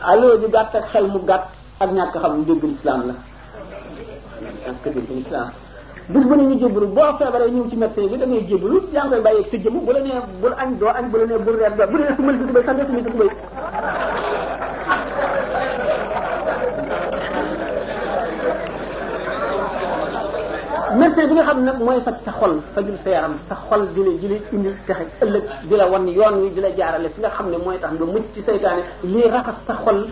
allo ju gàtt ak xel mu gàtt ak ñàkk xam dégg lislaam la ñàkk dégg lislaam bis bu ne ñu jébbalu boo feebaree ñëw ci médecin bi da ngay jébbalu yaa ngi koy bàyyi sa jëmm bu la nee bul añ doo añ bu la nee bul reer doo bu la nee su ma la dugg bay sant su ma la médecin bi nga xam nag mooy faj sa xol fajul sa yaram sa xol di la di texe ëllëg di la wan yoon wi di la jaarale si nga xam ne mooy tax nga mucc ci seytaane lii raxas sa xol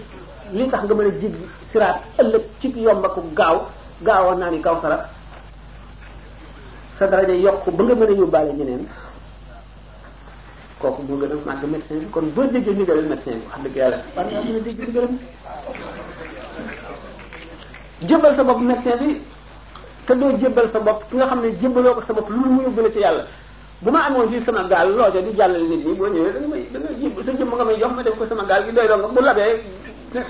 lii tax nga mën a jig siraat ëllëg ci yomb ak gaaw gaawoon naa ni kaw sara sa daraja yokk ba nga mën a yóbbaale ñeneen kooku moo gën a màgg médecin bi kon boo déggee ndigalal médecin bi wax dëgg yàlla a dégg ndigalam jëmbal sa bopp médecin bi te doo jébbal sa bopp ki nga xam ne jébbaloo ko sa bopp lu mu yóbbu la ci yàlla bu ma amoon fii sama gaal loojo di jàllale nit ñi boo ñëwee da nga may da sa jëmm nga may jox ma def ko sama gaal gi doy doo nga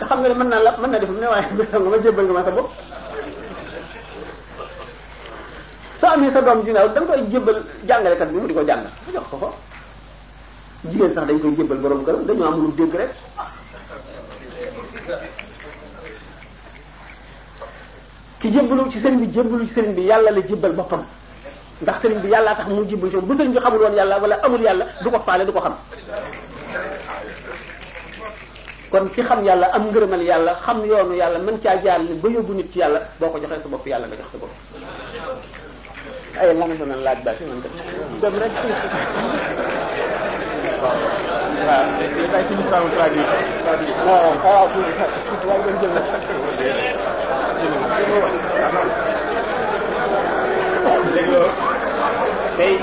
xam nga ne mën naa la mën naa def ne waaye nga ma jébbal nga ma sa bopp soo amee sa doom ginnaaw da nga jàngalekat bi mu ko jàng jox ko ko jigéen sax dañ koy jébbal borom këram dañoo am lu dégg rek ki jébbalu ci sëriñ bi jébbalu ci sëriñ bi yàlla la jébbal boppam ndax sëriñ bi yàllaa tax mu jébbalu ci sëriñ bi xamul yàlla wala amul yàlla du ko faale du ko xam kon ki xam yàlla am ngërëmal yàlla xam yoonu yàlla mën caa jaar ba yóbbu nit ci yàlla boo ko joxee sa bopp yàlla nga jox sa bopp ay nga doon laaj ba dégloo tey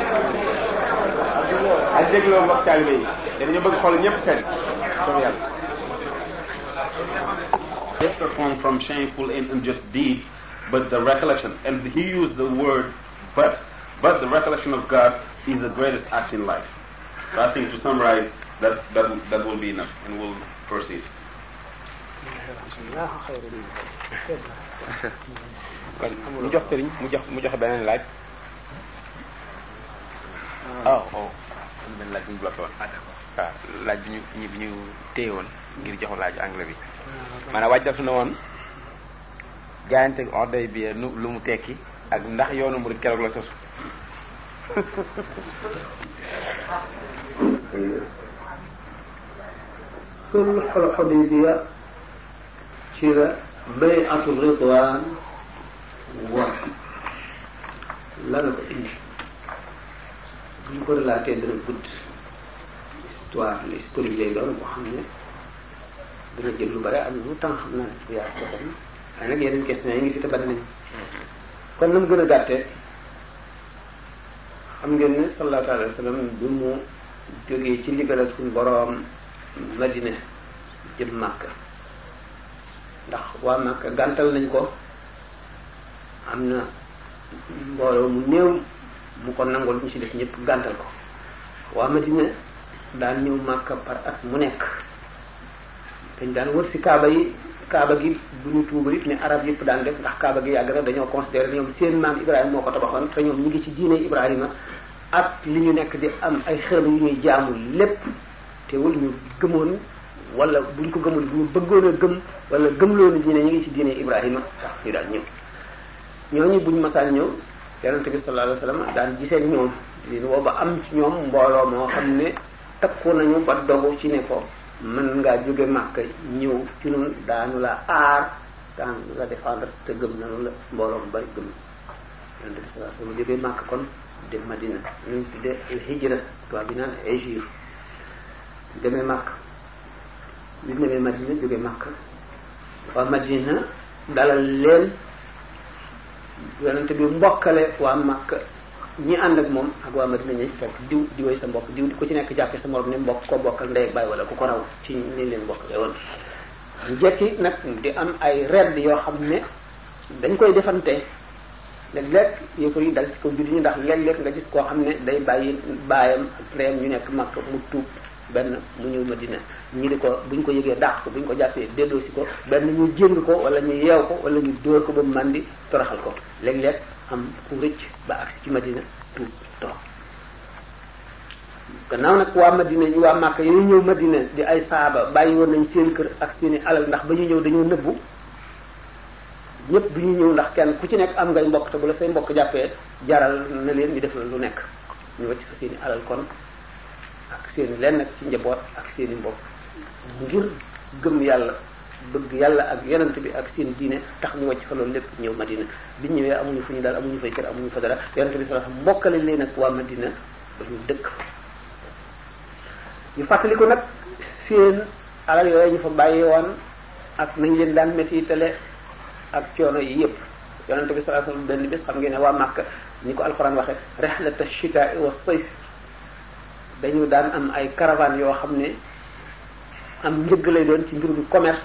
ak dégloo mbokk taalibe yi dañu bëgg xool ñëpp seen soo yàlla just performed from shameful and unjust deed but the recollection and he used the word but but the recollection of God is the greatest act in life so I think to summarize that that that will be enough and we'll proceed waaw kon mu jox sëriñ mu jox mu jox beneen laaj. waaw ah. ah, waaw oh. laaj bu ñu ah, laaj bi ñu ñu téye woon ngir jox laaj anglais bi. maanaam waaj daf na woon jaayante ordre bi nu lu mu tekki ak ndax yoonu murid keroog la sosu. ci la bay'atul ridwaan war lana ko indi bu ñu ko relaté dana gudd histoire l'historique lay doon boo xam ne dana jël lu bari am lu temps xam naa ne bu yaatu ko waaye nag yeneen questions yi ngi fi te bari kon na mu gën a gàttee xam ngeen ne sallallahu alayhi wa sallam bi mu jógee ci ndigal ak suñu Madina jëm Màkka ndax waa Makka gàntal nañ ko am na mbooloo mu néew mu ko nangool ñu ci def ñëpp gàntal ko waa Madina daan ñëw Makka par mu nekk dañ daan wër ci kaaba yi kaaba gi bu ñu tuuba ne arab yëpp daan def ndax kaaba gi yàgg na dañoo considéré ñoom seen maam Ibrahima moo ko tabaxoon te ñoom ñu ngi ci diine Ibrahima ak li ñu nekk di am ay xërëm yu ñuy jaamu lépp teewul ñu gëmoon wala buñ ko gëmul bu ñu bëggoon a gëm wala gëmloo ni diine ñu ngi ci diine Ibrahima ñu daal ñëw ñooñu buñ masaan ñëw yonente bi sallallahu alayhi wasallam daan gisee woo ba am ci ñoom mbooloo moo xam ne takku nañu ba dogu ci ne ko mën ngaa jóge màkk ñëw ci nun daanu la aar daanu la défendre te gëm nanu la mbooloo mu bari gëm màkk kon dem Madina ñu tudde hijra tubaab bi naan demee màkk bi mu demee Madina jóge Makka waa Madina dalal leen yonente bi mbokkale waa Makka ñi ànd ak moom ak waa Madina ñi fekk diw diwee sa mbokk diw ku ci nekk jàppe sa morom ne mbokk koo bokkal ndey ak baay ku ko raw ci liñ leen bokkale woon jekki nag di am ay redd yoo xam ne dañ koy defante léeg-léeg yéefar yi dal ci kaw jullit ñi ndax léeg-léeg nga gis koo xam ne day bàyyi baayam ak reem ñu nekk Makka mu tuub benn mu ñëw ma dina ñu di ko buñ ko yëgee dàq ko buñ ko jàppee déddoosi ko benn ñu jéng ko wala ñu yeew ko wala ñu dóor ko ba màndi toroxal ko léeg-léeg am ku rëcc ba agsi ci Madina tuub toog gannaaw nag waa Madina yi waa Màkka yooyu ñëw Madina di ay saaba bàyyi woon nañ seen kër ak seeni alal ndax ba ñu ñëw dañu nëbbu ñëpp bu ñu ñëw ndax kenn ku ci nekk am ngay mbokk te bu la say mbokk jàppee jaral na leen ñu def lu nekk ñu wacc fa seeni alal kon ak seeni lenn nag ci njaboot ak seeni mbokk ngir gëm yàlla bëgg yàlla ak yonent bi ak seen diine tax ñu wàcc fa loolu lépp ñëw madina bi ñëwee amuñu fu ñu daal amuñu fay kër fa dara yonent bi sax mbokkale leen ak waa madina ba ñu dëkk ñu fàttali ko nag seen alal yooyu ñu fa bàyyi daan métti télé ak yi yëpp yonent bi sallallahu alayhi xam ngeen ne waa Màkka ni ko alxuraan waxee rihlata shitaa'i wa sayf dañu daan am ay caravane yoo xam ne am njëgg lay doon ci mbirum commerce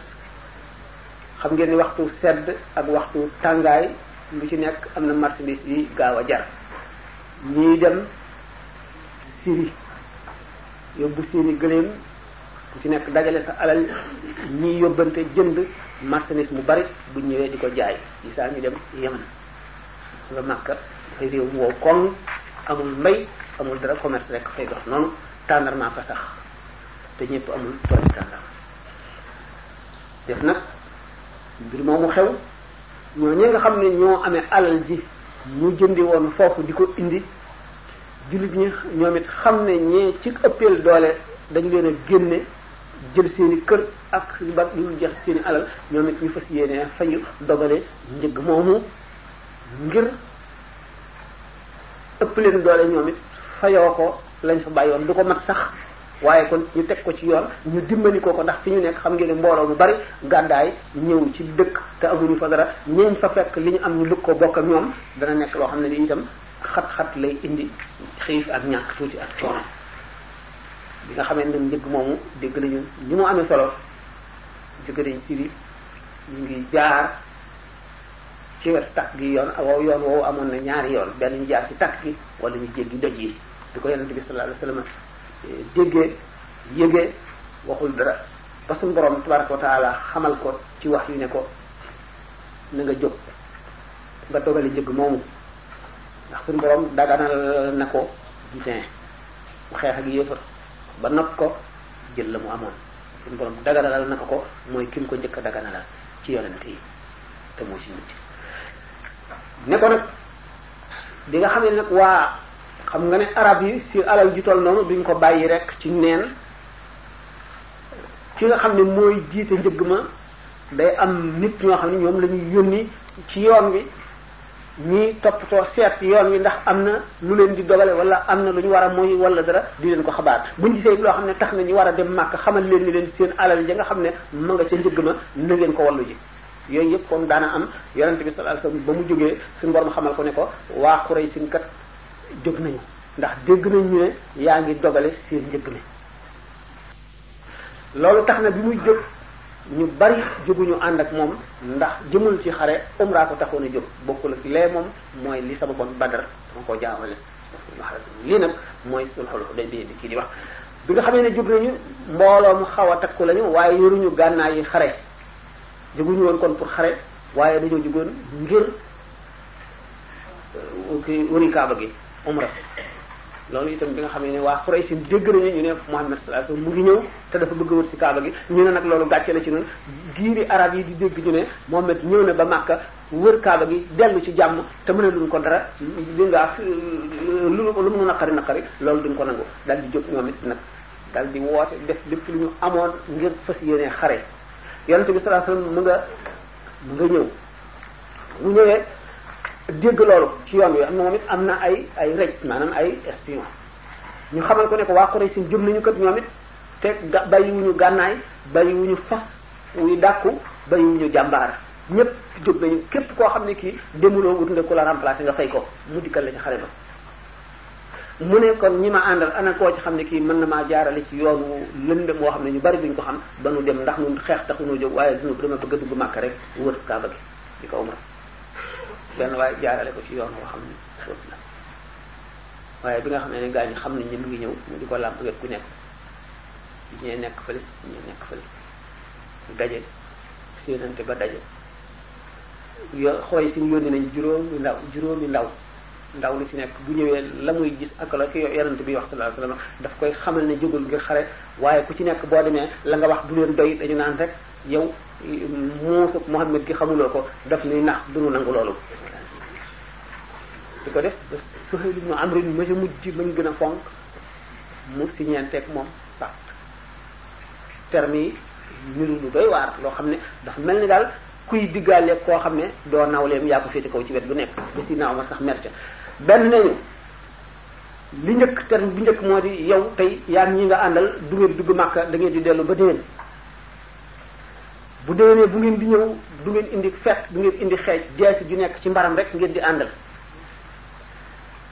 xam ngeen ni waxtu sedd ak waxtu tàngaay lu ci nekk am na marchandise yi gaaw a jar ñii dem Syrie yóbbu seeni gëléem ku ci nekk dajale sa alal ñii yóbbante jënd marchandise mu bari buñ ñëwee di ko jaay yi saa ñu dem Yemen nga Makka dafay réew mu koŋ amul mbay amul dara commerce rek fay dox noonu tàndarmaa fa sax te ñëpp amul tooli tàndarma def nag mbir moomu xew ñoo ñi nga xam ne ñoo amee alal ji ñu jëndi woon foofu di ko indi jullit xam ne ñee ci ëppeel doole dañ leen a génne jël seeni kër ak ba lu jeex seeni alal ñoom ñu fas yéene fayu dogale njëg moomu ngir ëpp leen doole ñoom it fayoo ko lañ fa bàyyoon du ko mat sax waaye kon ñu teg ko ci yoon ñu dimbali ko ko ndax fi ñu nekk xam ngeen ne mbooloo bu bari gàddaay ñëw ci dëkk te amuñu fa dara ñeñ fa fekk li ñu am ñu lug ko bokk ak ñoom dana nekk loo xam ne li itam xat-xat lay indi xiif ak ñàkk tuuti ak coono bi nga xamee ne njëgg moomu dégg nañu ni mu amee solo jóge nañ ci ñu ngi jaar ci wetu takk gi yoon wow yoon woowu amoon na ñaari yoon benn ñu jaar ci takk gi wala ñu jéggi doj yi di ko yonente bi sallallahu alayhi wasallam eh, déggee yëgee waxul dara ba suñu borom xamal ko ci wax yu ne ko na nga jóg nga dogale jëgg moomu ndax suñu borom ko jitin mu xeex ak yéefar ba not ko jël la mu amoon suñu borom daganalal na ko ko mooy ki mu ko njëkk dagana daganalal ci yonente yi moo ne ko nag bi nga xam ne nag waa xam nga ne arab yi si alal ju toll noonu duñ ko bàyyi rek ci neen ki nga xam ne mooy jiite njëgg ma day am nit ñoo xam ne ñoom la ñuy yónni ci yoon wi ñii toppatoo seet yoon wi ndax am na lu leen di dogale wala am na lu ñu war a mooy wala dara di leen ko xabaar buñ gisee loo xam ne tax na ñu war a dem màkk xamal leen ni leen seen alal ja nga xam ne ma nga ca njëgg ma na ngeen ko wallu ji yooyu yëpp kon daana am yonent bi sallallahu alayhi ba mu jógee suñu borom xamal ko ne ko waa Quraysh sin kat jóg nañu ndax dégg nañu ne yaa ngi dogale si njëg mi loolu tax na bi muy jóg ñu bari jóguñu ànd ak moom ndax jëmal ci xare umra ko taxoon a jóg bokkul ak lee moom mooy li sababoon Badar dama ko jaawale lii nag mooy sulhul Hudaybiya bi kii di wax bi nga xamee ne jóg nañu mbooloo mu xaw a takku lañu waaye yoruñu gànnaar yi xare jóguñu woon kon pour xare waaye dañoo jugoon ngir euh, kii wëri kaaba gi umra loolu itam bi nga xam ne waa Quraysh dégg nañu ñu ne Muhammad sallallahu alayhi wasallam mu ngi ñëw te dafa bëgg wër ci kaaba gi ñu ne nag loolu gàcce la ci noonu giiri arab yi di dégg ñu ne Muhammad ñëw ne ba Makka wër kaaba gi dellu ci jàmm te mu ne luñ ko dara li nga lu lu mu naqari naqari loolu duñ ko nangu dal di jóg ñoom it nag dal di woote def lépp lu ñu amoon ngir fas yéene xare yonent bi sallallahu alayhi mu nga mu nga ñëw mu ñëwee dégg loolu ci yoon wi am na it am na ay ay rej maanaam ay espion ñu xamal ko ne ko waa Quraysh si jëm nañu kat ñoom it te bàyyiwuñu gànnaay bàyyiwuñu fas wuy dàkku bàyyiwuñu jàmbaar ñépp jóg nañu képp koo xam ne kii demuloo wut nga ku la remplacer nga fay ko mu dikkal la ci xare mu ne kon ñi ma àndal ana koo ci xam ne kii mën na maa jaarale ci yoon yoonu lëndëm moo xam ne ñu bari duñ ko xam ba nu dem ndax ñun xeex taxu nu jóg waaye dunu dama bëgg a dugg màkk rek wër kaaba gi di ko umra benn waaye jaarale ko ci yoon woo xam ne xóot la waaye bi nga xam ne ne gaa xam nañ ne mu ngi ñëw mu di ko làmp wet ku nekk nekk fële ñee nekk fële daje séenante ba daje yo xooy si yónni nañ juróomi ndaw juróomi ndaw ndaw lu ci nekk bu ñëwee la muy gis ak la ki yonent bi wax sallallahu la wasallam daf koy xamal ne jógul ngir xare waaye ku ci nekk boo demee la nga wax bu leen doy dañu naan rek yow Muusa Muhammad gi xamuloo ko daf nuy nax du nu nangu loolu di ko def Suhayl ma ca mujj mañ gën a fonk mu siñeenteeg moom pacte terme yi niru lu doy waar loo xam ne dafa mel ni daal kuy diggaaleeg koo xam ne doo nawleem yaa ko féete kaw ci wet bu nekk ba si naaw ma sax merca benn nañu li njëkk terme bi njëkk moo di yow tey yaa ñi nga àndal du ngeen dugg màkka da ngeen di dellu ba déwén bu déwénee bu ngeen di ñëw du ngeen indi fet du ngeen indi xeej jeesi ju nekk ci mbaram rek ngeen di àndal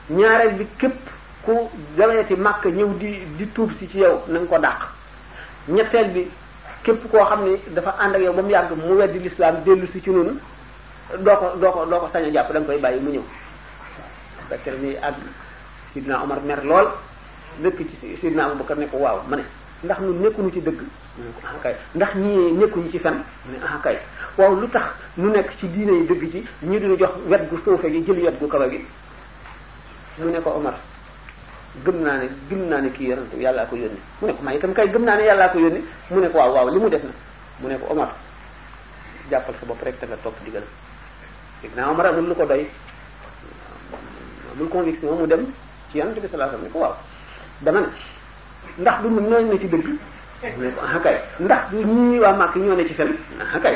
ñaareel bi képp ku jaweeti màkk ñëw di di tuub si ci yow na nga ko dàq ñetteel bi képp koo xam ne dafa ànd ak yow ba mu yàgg mu weddi lislaam dellu si ci noonu doo ko doo ko doo ko sañ jàpp da koy bàyyi mu ñëw ba tere ñuy àgg sidna Omar mer lool nekk ci sidna Abubakar ne ko waaw ma ne ndax ñun nekkuñu ci dëgg mu ne ko ah kay ndax ñii ci fen mu ne ah kay lu tax ñu nekk ci diine yi dëgg ci ñu dina jox wet gu suufe jël wet gu kawe gi mu gëm naa ne gëm naa ne kii yonent yàllaa ko yónni mu ne ko man gëm naa ne yàllaa ko yónni mu ne ko waaw waaw li mu def na mu ne ko Omar jàppal sa bopp rek te nga topp digal naa Omar amul lu ko doy amul conviction mu dem ci yonent bi sallallahu alayhi wasallam ne ko waaw dama ndax du ñoo ne ci dëgg mu ne ko ah kay ndax du ñii waa màkk ñoo ne ah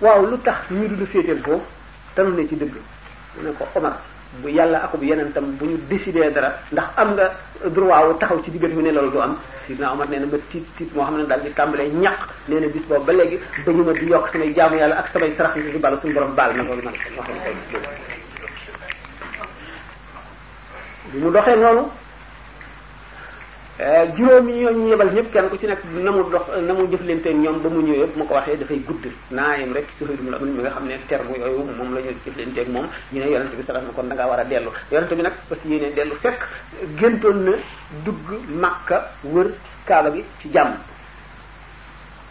waaw lu tax ñu du féeteel foofu tanu ne ci dëgg mu ne ko Omar bu yàlla akub yeneen tam bu ñu décidé dara ndax am nga droit wu taxaw ci diggante bi ne loolu du am sidna Omar nee na ba tiit tiit moo xam ne daal di tàmbalee ñaq nee na bis ba léegi ba ñu ma di yokk samay jaamu yàlla ak samay sarax yi di bala suñu borom baal na loolu man wax bi mu doxee noonu euh, juróomi ñoo ñu yebal ñëpp kenn ku ci nekk na mu dox na mu jëflante ñoom ba mu ñëwee bu ma ko waxee dafay gudd naa yem rek ci suuf mu la mi nga xam ne terme yooyu moom la ñu jëflante ak moom ñu ne yonente bi sallallahu alayhi wasallam kon da war a dellu yonente bi nag parce que ne dellu fekk géntoon na dugg Makka wër Kaaba gi ci jàmm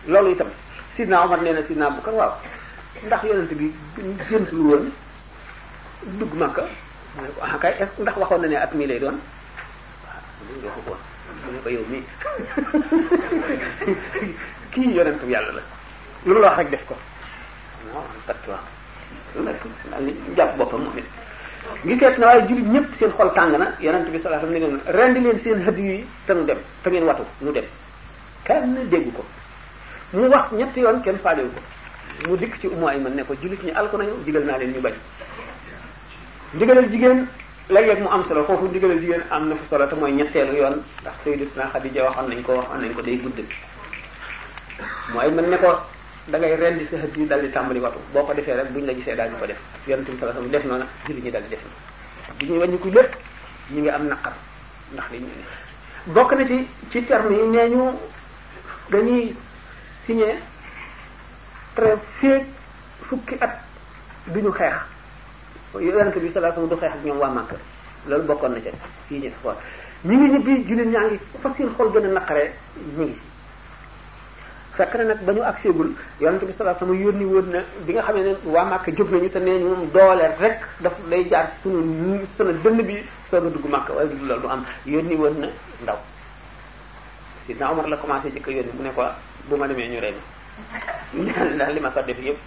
loolu itam sidna Omar nee na sidna Bukar waaw ndax yonente bi géntul woon dugg Makka mu ko ah kay eh, ndax waxoon na ne at mi lay doon waaw waxu ko mu ne ko yow mii kii yonentu yàlla la lu mu la wax rek def ko non patwa daal di moom it ngi seet na waaye jullit ñëpp seen xol tàng na yonent bi sallallahu alayhi wasallam ne leen rendi leen seen hëdd yi te nu dem te ngeen watu nu dem kenn dégg ko mu wax ñetti yoon kenn faalewu ko mu dikk ci umu ay man ne ko jullit ñi alko nañu digal naa leen ñu bañ ndigalal jigéen léeg-léeg mu am solo foofu ndigalal jigéen am na fu solo te mooy ñetteelu yoon ndax Sayyidatuna Xadija waxoon nañ ko waxoon nañ ko day gudd mooy mën ne ko da ngay rendi sa xët yi dal di tàmbali watu boo ko defee rek buñ la gisee daañu ko def yonent bi sallallahu alayhi wasallam def noonu julli ñi dal di def bi ñuy wàññiku lépp ñu ngi am naqar ndax li ñu bokk na ci ci terme yi nee ñu dañuy signé très fii fukki at duñu xeex yonent bi sallallahu alayhi wasallam du ak ñoom waa Màkka loolu bokkoon na ca fii ñu xool ñu ngi ñibbi jullit ñaa seen xol gën na nag ba ñu agseegul yonent bi sallallahu alayhi wasallam yónni woon na bi nga xamee ne waa Màkka jóg nañu te nee ñu rek daf lay jaar sunu bi soog a dugg Màkka du am yónni woon na ndaw la commencé jëkk yónni mu ne ko bu ma demee ñu rey ma daal li ma ko def yëpp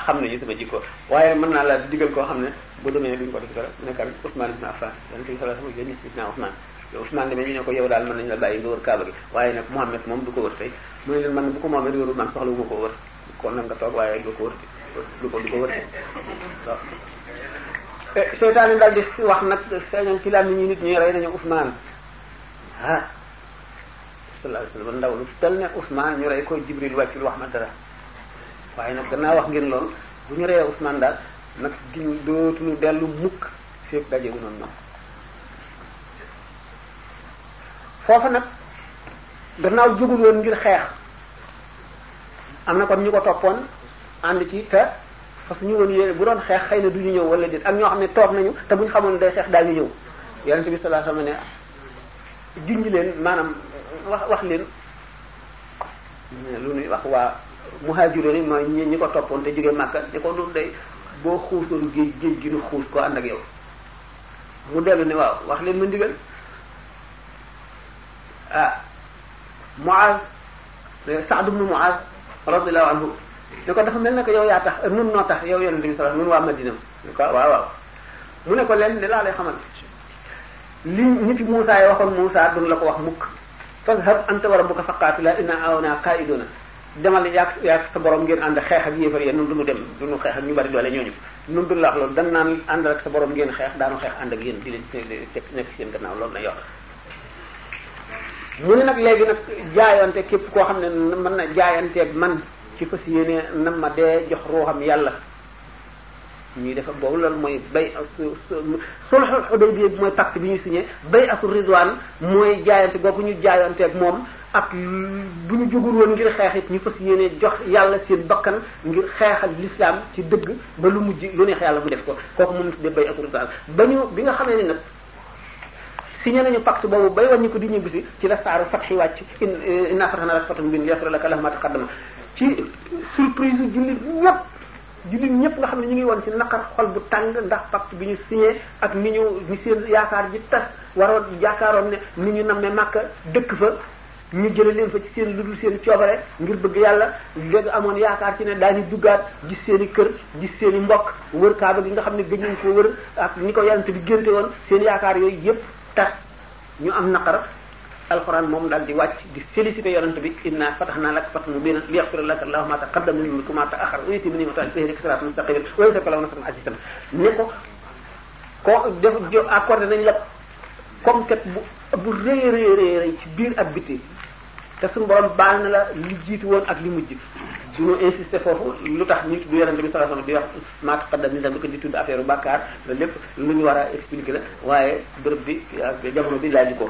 xam nañu sama jikko waaye mën naa la digal koo xam ne bu demee duñ ko def dara mu ne kan Ousmane ibn Affan yonent bi sallallahu alayhi naa Ousmane demee ñu ne ko yow daal mën nañu la bàyyi nga wër Kaaba gi waaye nag Mohamed moom du ko wër tey mu ne leen man bu ko Mohamed wëru ko wër kon nag nga du ko wër du ko du eh, daal di wax nag feeñal ci lam ñu nit ñi rey nañu Ousmane ah sallallahu alayhi wasallam ndaw lu tal ne Ousmane ñu rey ko Jibril wàccul wax ma dara waaye nag gannaaw wax ngeen loolu bu ñu reyee Ousmane daal nag duñu dootuñu dellu mukk fépp daje wu noonu noonu foofa nag gannaaw jógul woon ngir xeex am na kon ñu ko toppoon ànd ci te fas ñu woon yéene bu doon xeex xëy na duñu ñëw wala déet ak ñoo xam ne toog nañu te bu ñu xamoon day xeex daañu ñëw yonent bi sallallahu alayhi wasallam ne junj leen maanaam wax wax leen lu ñuy wax waa muhaajiroon yi mooy ñi ñi ko toppoon te jóge Màkka ne ko noonu day boo xuusoon géej géej nu xuus ko ànd yow mu dellu ne waaw wax leen ma ndigal ah Muaz Saad ibn Muaz radiyallahu anhu ne ko dafa mel yaa tax nun noo tax yow waa Madina mu ko waaw waaw mu ne ko leen de laa lay xamal li ñi fi Muusaa waxoon Muusaa duñ la ko wax mukk fazhab anta wa rabbuka faqaatilaa innaa haahunaa qaa'iduuna demal yàq yàq sa borom ngeen ànd xeex ak yéefar yéen nun du ñu dem du ñu xeex ak ñu bari doole ñooñu nun du laax loolu dan naan ànd ak sa borom ngeen xeex daanu xeex ànd ak yéen di leen teg nekk seen gannaaw loolu la yor mu ne nag léegi nag jaayante képp koo xam ne man na jaayanteeg man ci fas yéene na ma dee jox ruuxam yàlla ñuy def ak boobu loolu mooy bay sulhul Hudaybiya bi mooy pacte bi ñu signé bay asu Ridwan mooy jaayante googu ñu jaayanteeg moom ak bu ñu jógul woon ngir xeex it ñu fas yéene jox yàlla seen bakkan ngir xeexal l'islam ci dëgg ba lu mujj lu neex yàlla mu def ko kooku moom de bay akum daal ba ñu bi nga xamee ne nag signé nañu pacte boobu bay wàññi ko di ñibbisi ci la saaru fatxi wàcc in eh, inna fatahna laka fathan mubina liyaghfira laka maa taqaddama ci surprise jullit ñépp jullit ñépp nga xam ne ñu ngi woon ci naqar xol bu tàng ndax pacte bi ñu signé ak ni ñu ni seen yaakaar ji tas waroon yaakaaroon ne ni ñu ne Màkka dëkk fa ñu jële leen fa ci seen lu dul seen coobare ngir bëgg yàlla léegi amoon yaakaar ci ne daañu duggaat gis seen i kër gis seeni i mbokk wër kaaba gi nga xam ne gëj nañ ko wër ak ni ko yonent bi génte woon seen yaakaar yooyu yépp tas ñu am naqar alquran moom daal di wàcc di félicité yonent bi inna fatahna laka fathan mubiina liyaghfira laka allahu ma taqaddama min dhanbika wa ma ta'akhkhara wa yutimma ni'matahu alayka siratan mustaqiman wa yansuruka llahu nasran azizan ne ko ko def accordé nañ la comme kat bu bu rëy rëy rëy ci biir ak biti te suñu borom baal na la li jiitu woon ak li mujj suñu insisté foofu lu tax ñu tudd yonente bi sallallahu alayhi wasallam di wax maak xaddam nisam ko di tudd affaire bàkkaar loolu lépp lu ñu war a expliquer waaye bërëb bi ak jamono bi laaj ko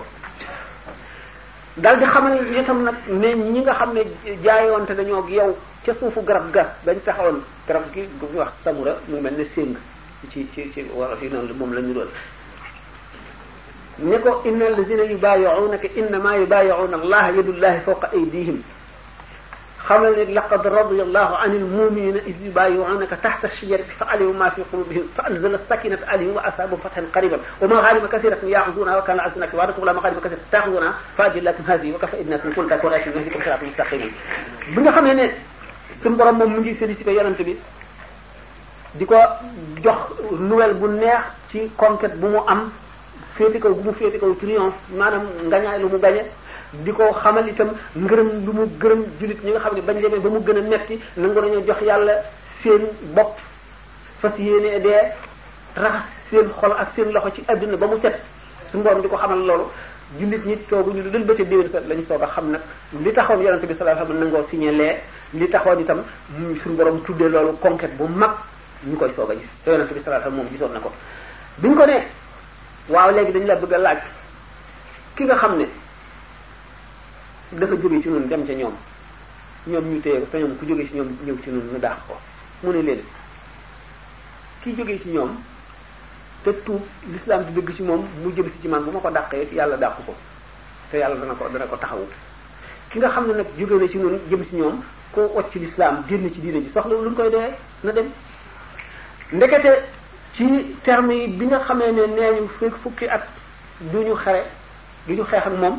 daal di xamal tam nag ne ñi nga xam ne jaayoonte nañoo ak yow ca suufu garab ga dañ taxawoon garab gi bu ñuy wax samura mu mel ne séng ci ci ci wala fi noonu moom la ñu doon ne ko inna allazina yubayi'unaka innama yubayi'una allaha yadullahi fawqa aydihim xamal ne laqad radiyallahu anil muminina iz yubayi'unaka tahta ash-shajarati fa alima ma fi qulubihim fa anzala as-sakinata alayhim wa asabahum fathan qariban wa maghanima kathiratan ya'khudhunaha wa kana 'azizan hakima wa rasulan maghanima kathiratan ta'khudhunaha fa'ajillakum hadhihi wa kafa'a binakum kullan qurayshun bikum siratal mustaqim bi nga xamee ne suñu borom moom mu ngi félicité yonent bi di ko jox nouvelle bu neex ci conquête bu mu am féeti kaw bu mu féeti kaw triomphe maanaam ngañaay lu mu gañe di ko xamal itam ngërëm lu mu gërëm jullit ñi nga xam ne bañ demee ba mu gën a metti nangu nañu jox yàlla seen bopp fas yéenee dee raxas seen xol ak seen loxo ci àdduna ba mu set su mborom di ko xamal loolu jullit ñi tooguñu lu dul bëccëg déwén fa lañu soog a xam nag li taxoon yonente bi sallallahu alayhi wasallam nangoo signé lee li taxoon itam suñu borom tuddee loolu conquête bu mag ñu koy soog a gis bi sallallahu alayhi wasallam moom gisoon na ko biñ ko ne waaw léegi dañ la bëgg a laaj ki nga xam ne dafa jóge ci ñun dem ca ñoom ñoom ñu téye ko te ñoom ku jóge ci ñoom ñëw ci ñun ñu dàq ko mu ne leen ki jóge ci ñoom te tuub l'islam di dëgg ci moom mu jëm si ci man bu ma ko dàqee yàlla dàq ko te yàlla dana ko dana ko taxawu ki nga xam ne nag jóge na ci ñun jëm si ñoom koo ot ci l'islam génn ci diine ji soxla lu ñu koy dee na dem ndekete ci terme yi bi nga xamee ne nee ñu fukki at du ñu xare du ñu xeex moom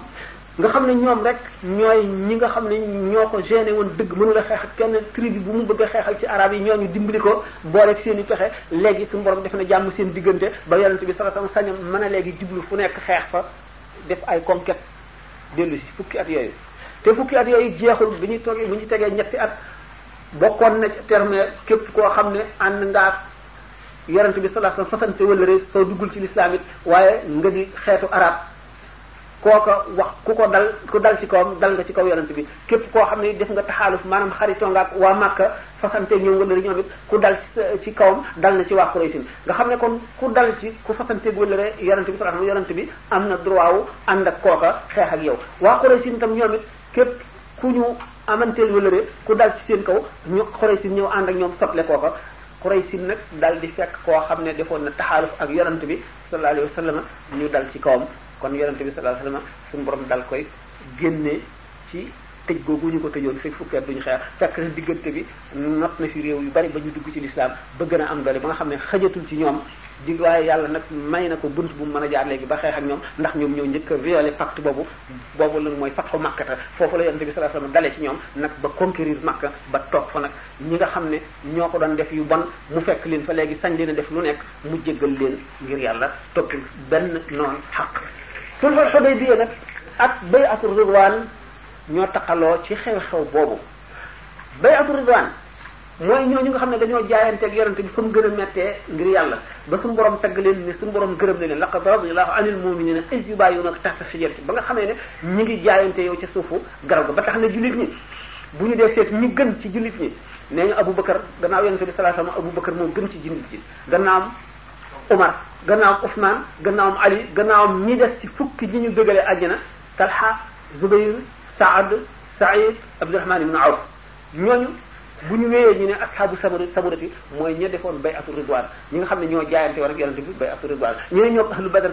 nga xam ne ñoom rek ñooy ñi nga xam ne ñoo ko gêné woon dëgg mënu la xeex ak kenn tribu bu mu bëgg a xeexal ci araab yi ñoo ñu dimbali ko booleeg seen i pexe léegi suñu borom def na jàmm seen diggante ba yonent bi sallallahu alayhi wasallam mën a léegi jublu fu nekk xeex fa def ay conquête dellu si fukki at yooyu te fukki at yooyu jeexul bi ñu toogee bu ñu tegee ñetti at bokkoon na ci terme képp koo xam ne ànd yonent bi sallallahu alayhi wasallam fasante wëllëre soo duggul ci lislaam it waaye nga di xeetu arab kooka wax ku ko dal ku dal ci kawam dal nga ci kaw yonent bi képp koo xam ne def nga taxaaluf maanaam xaritoo nga ak waa Màkka fasante ñoom wëllëre ñoom it ku dal ci kawam dal na ci waa Quraysin nga xam ne kon ku dal ci ku fasante wëllëre yonent bi sallallahu alayhi wasallam yonent bi am na droit wu ànd ak kooka xeex ak yow waa Quraysin itam ñoom it képp ku ñu amanteel wëllëre ku dal ci seen kaw ñu Quraysin ñëw ànd ak ñoom sotle kooka Quraysin nag dal di fekk koo xam ne defoon na taxaaluf ak yonent bi sallallahu alayhi wa sallam ñu dal ci kawam kon yonent bi sallallahu alayhi wa sallam suñu borom dal koy génne ci tëj googu ñu ko tëjoon fekk fukki at duñu xeex fekk na diggante bi not na fi réew yu bari ba ñu dugg ci lislaam ba gën a am doole ba nga xam ne xëjatul ci ñoom di waaye yàlla nag may na ko bunt bu mu mën a jaar léegi ba xeex ak ñoom ndax ñoom ñoo njëkk a violé pacte boobu boobu nag mooy fatxu màkkata foofu la yonent bi sallallahu alayhi wasallam dale ci ñoom nag ba conquérir Makka ba toog fa nag ñi nga xam ne ñoo ko doon def yu bon mu fekk leen fa léegi sañ leen def lu nekk mu jéggal leen ngir yàlla topp benn noon xaq sulhul Hudaybiyya nag ak ñoo taqaloo ci xew-xew boobu bay atu ridwaan mooy ñooñu nga xam ne dañoo jaayanteeg yonente bi fa mu gën a mettee ngir yàlla ba suñu borom tagg leen ni suñu gërëb gërëm na leen laqad radiyallahu anil mu'minina iz yubayyunaka tahta shajarati ba nga xamee ne ñu ngi jaayante yow ci suufu garab ga ba tax na jullit ñi bu ñu dee seet ñi gën ci jullit ñi nee ñu Abubakar gannaaw yonente bi sallallahu alayhi wasallam Abubakar moo gën ci jullit ji am Umar gannaawam Usmaan gannaawam Ali am ñi des ci fukki ñi ñu dëgale àjjana Talha Zubayr Saad Saïd Abdurahman ibn Awf ñooñu bu ñu wéyee ñu ne ashabu samara samarati mooy ña defoon bay atu ridwaan ñi nga xam ne ñoo jaayante war ak yonente bi bay atu ridwaan ñu ne ñoo ahlu badar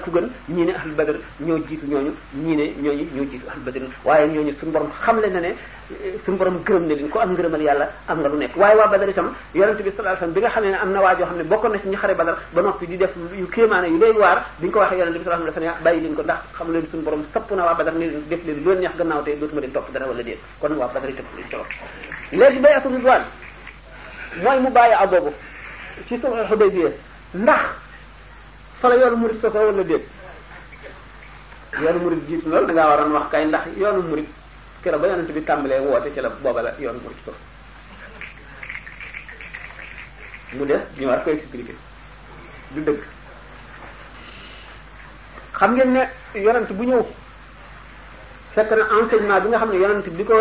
eh, waa badar itam yonente bi sallallahu alayhi wasallam waa joo xam ne neex gannaaw te dootuma leen topp dara wala déet kon waa badar itam luñ tolot bay atu ridwaan alquran mooy mu bàyyi a boobu ci sulhul Hudaybiya ndax fa la yoonu murid soo ko wala déet yoonu murid jiitu loolu da waroon wax kay ndax yoonu murid keroog ba yonent bi tàmbalee woote ci la booba la yoonu murid soo mu des ñu war koy expliquer du dëgg xam ngeen ne yonent bu ñëw fekk na enseignement bi nga xam ne yonent bi ko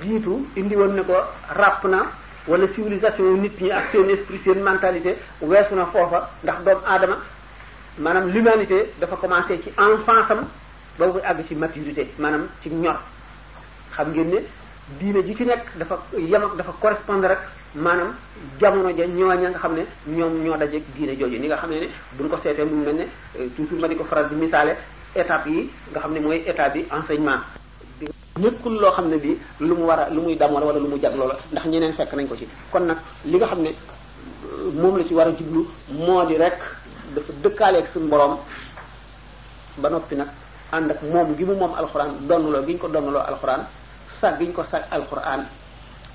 jiitu indi woon ne ko ràpp na wala civilisation nit ñi ak seen esprit seen mentalité weesu na foofa ndax doomu aadama maanaam l'humanité dafa commencé ci enfance am ba ko àgg ci maturité maanaam ci ñor xam ngeen ne diine ji ci nekk dafa yem dafa correspondre rek maanaam jamono ja ñooña nga xam ne ñoom ñoo dajeeg diine jooju ni nga xam ne ne buñ ko seetee mu mel ne euh, toujours ma di ko faral di misaale étape yi nga xam ne mooy état bi enseignement bi loo xam ne bi lu mu war a lu muy damoo la wala lu mu jag loola ndax ñeneen fekk nañ ko ci kon nag li nga xam ne euh, moom la ci war a jublu moo di rek dafa dëkkaaleeg suñu borom ba noppi nag ànd ak moom gi mu moom alxuraan donnaloo gi ñu ko donnaloo alxuraan sag gi ñu ko sag alxuraan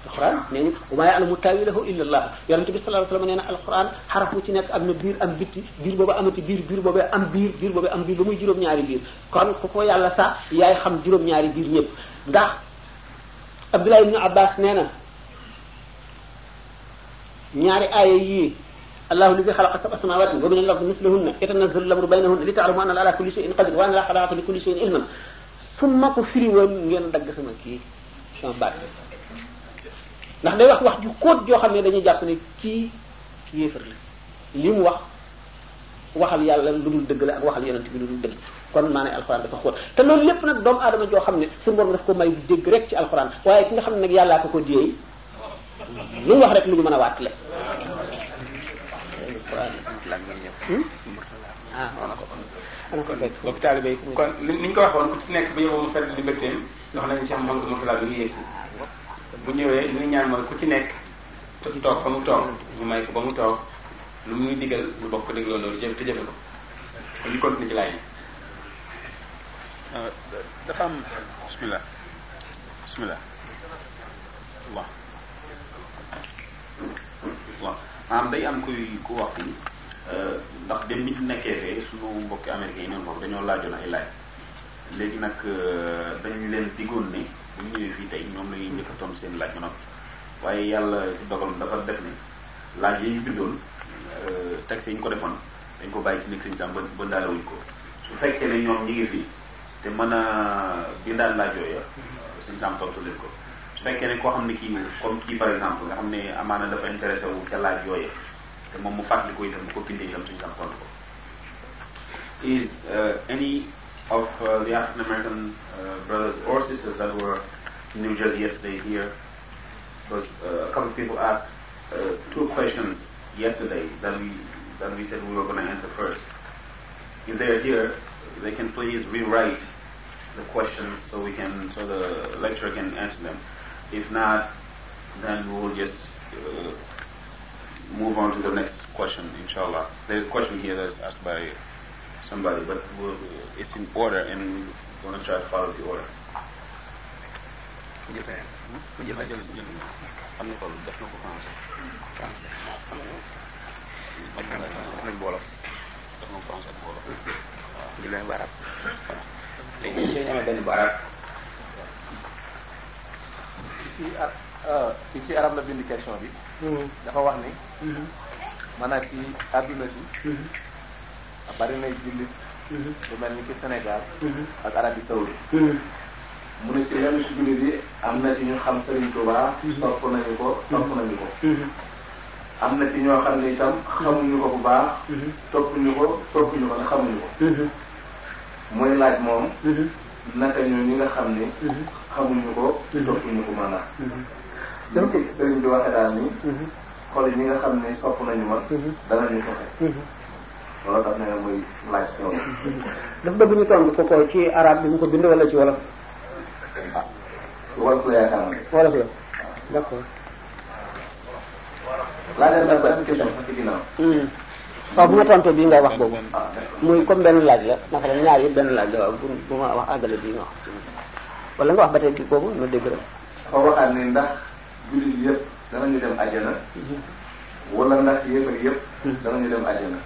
alquran nee ñu wa maa ya'lamu ta'wilahu illa allah yonente bi sallallahu alayhi wasallam nee na alquran xaraf bu ci nekk am na biir am bitti biir boobu amati biir biir boobu am biir biir boobu am biir ba muy juróom-ñaari biir kon ku ko yàlla sax yaay xam juróom-ñaari biir ñëpp ndax Abdullah ibn Abbas nee na ñaari aaya yii allahu lazi xalaqa sab'a samawaatin wa mina al-ardi mislahunna yatanazzalu al-amru baynahunna li ta'lamu anna allaha ala kulli shay'in qadir wa anna allaha qad ahata bi kulli shay'in ilman su ma ko firi woon ngeen dagg sama kii sama baat ndax day wax wax ju kóot joo xam ne dañuy jàpp ne kii yéefar la li mu wax waxal yàlla lu dul dëgg la ak waxal yonent bi lu dul dëgg kon maanaam alxuraan dafa xóot te loolu lépp nag doomu aadama joo xam ne suñu borom daf ko may dégg rek ci alxuraan waaye ki nga xam ne nag yàllaa ko ko diyee lu mu wax rek lu ñu mën a wàttale hmm? ah donc taalibe yi kon ni ñu ko waxoon ku ci nekk ba yow mu fedd liberté am wax nañu ci am mbokk mu fi laa bi ngi yegsi bu ñëwee li ñu mooy ku ci nekk ku ci toog fa mu toog ñu may ko ba mu toog lu muy digal bu bokk ko dégloo loolu jëf te jëfe ko kon ñu continuer ci laaj dafa am bismillah bismillah waaw waaw day am kuy ku wax ni euh, ndax dem bi ñu nekkee fee suñu mbokki américain yi noonu foofu dañoo laajoon laaj. léegi nag euh, dañ leen digoon ne bu ñu ñëwee fii tey ñoom la ñuy njëkk tom seen laaj ma noppi waaye yàlla ci dogalam dafa def ne laaj yi ñu bindoon euh, texte yi ko dañ ko bàyyi ci nekk seen tam ba ba ndaalewuñ ko su fekkee ne ñoom ñi ngi te mën a bindaan laaj yooya suñu sam tontu ko su fekkee ne koo xam ne kii comme kii par exemple nga xam ne amaana dafa intéressé wu ca laaj yooya te moom mu fàttali ko itam bu ko bindee itam suñu sam ko is euh, any Uh, the African American uh, brothers or sisters that were in New Jersey yesterday here. Because uh, a couple of people asked two questions yesterday that we said we were going to answer first. If they're here, they can please rewrite the questions so the lecturer can answer them. If not, then we will just move on to the next question, inshallah. There's a question here that's asked by somebody, but it's in order, and we want to try to follow the order. am na ko def na ko français. français am na ko. am nañ boolof. def na ko français ak boolof. waaw di leen barab. waaw léegi suñu amee benn barab. ci ci ar ci arab la bind question bi. Hmm. dafa wax ni. Hmm. maanaam ci adduna si. Hmm. bari na jullit mm-hmm. lu mel ni ki Sénégal mm-hmm. ak Arabie Saoudite mm-hmm. mu ne ci yenn ci jullit bi am na ci ñu xam Serigne Touba topp nañu ko topp nañu ko am na ci ñoo xam ne itam xamuñu ko bu baax toppuñu ko toppuñu ko ne xamuñu ko muy laaj moom naka ñoo ñi nga xam ni xamuñu ko toppuñu ko mën a donc Serigne bi waxee daal ni xol ñi nga xam ne sopp nañu ma danañu soxe loolu tax na ne muy laaj dafa bëgg ñu tontu ko ko ci arab bi mu ko bind wala ci wolof. ah wolof la yaakaar naa. wolof hmm. bii nga wax boobu. muy comme benn laaj la naka la ñaar yëpp benn laaj la waaw bu bu ma wax àggale bii nga wax. wala nga wax ba tey kii boobu ñu rek. wala ndax yéefar yëpp. danañu dem àjjana.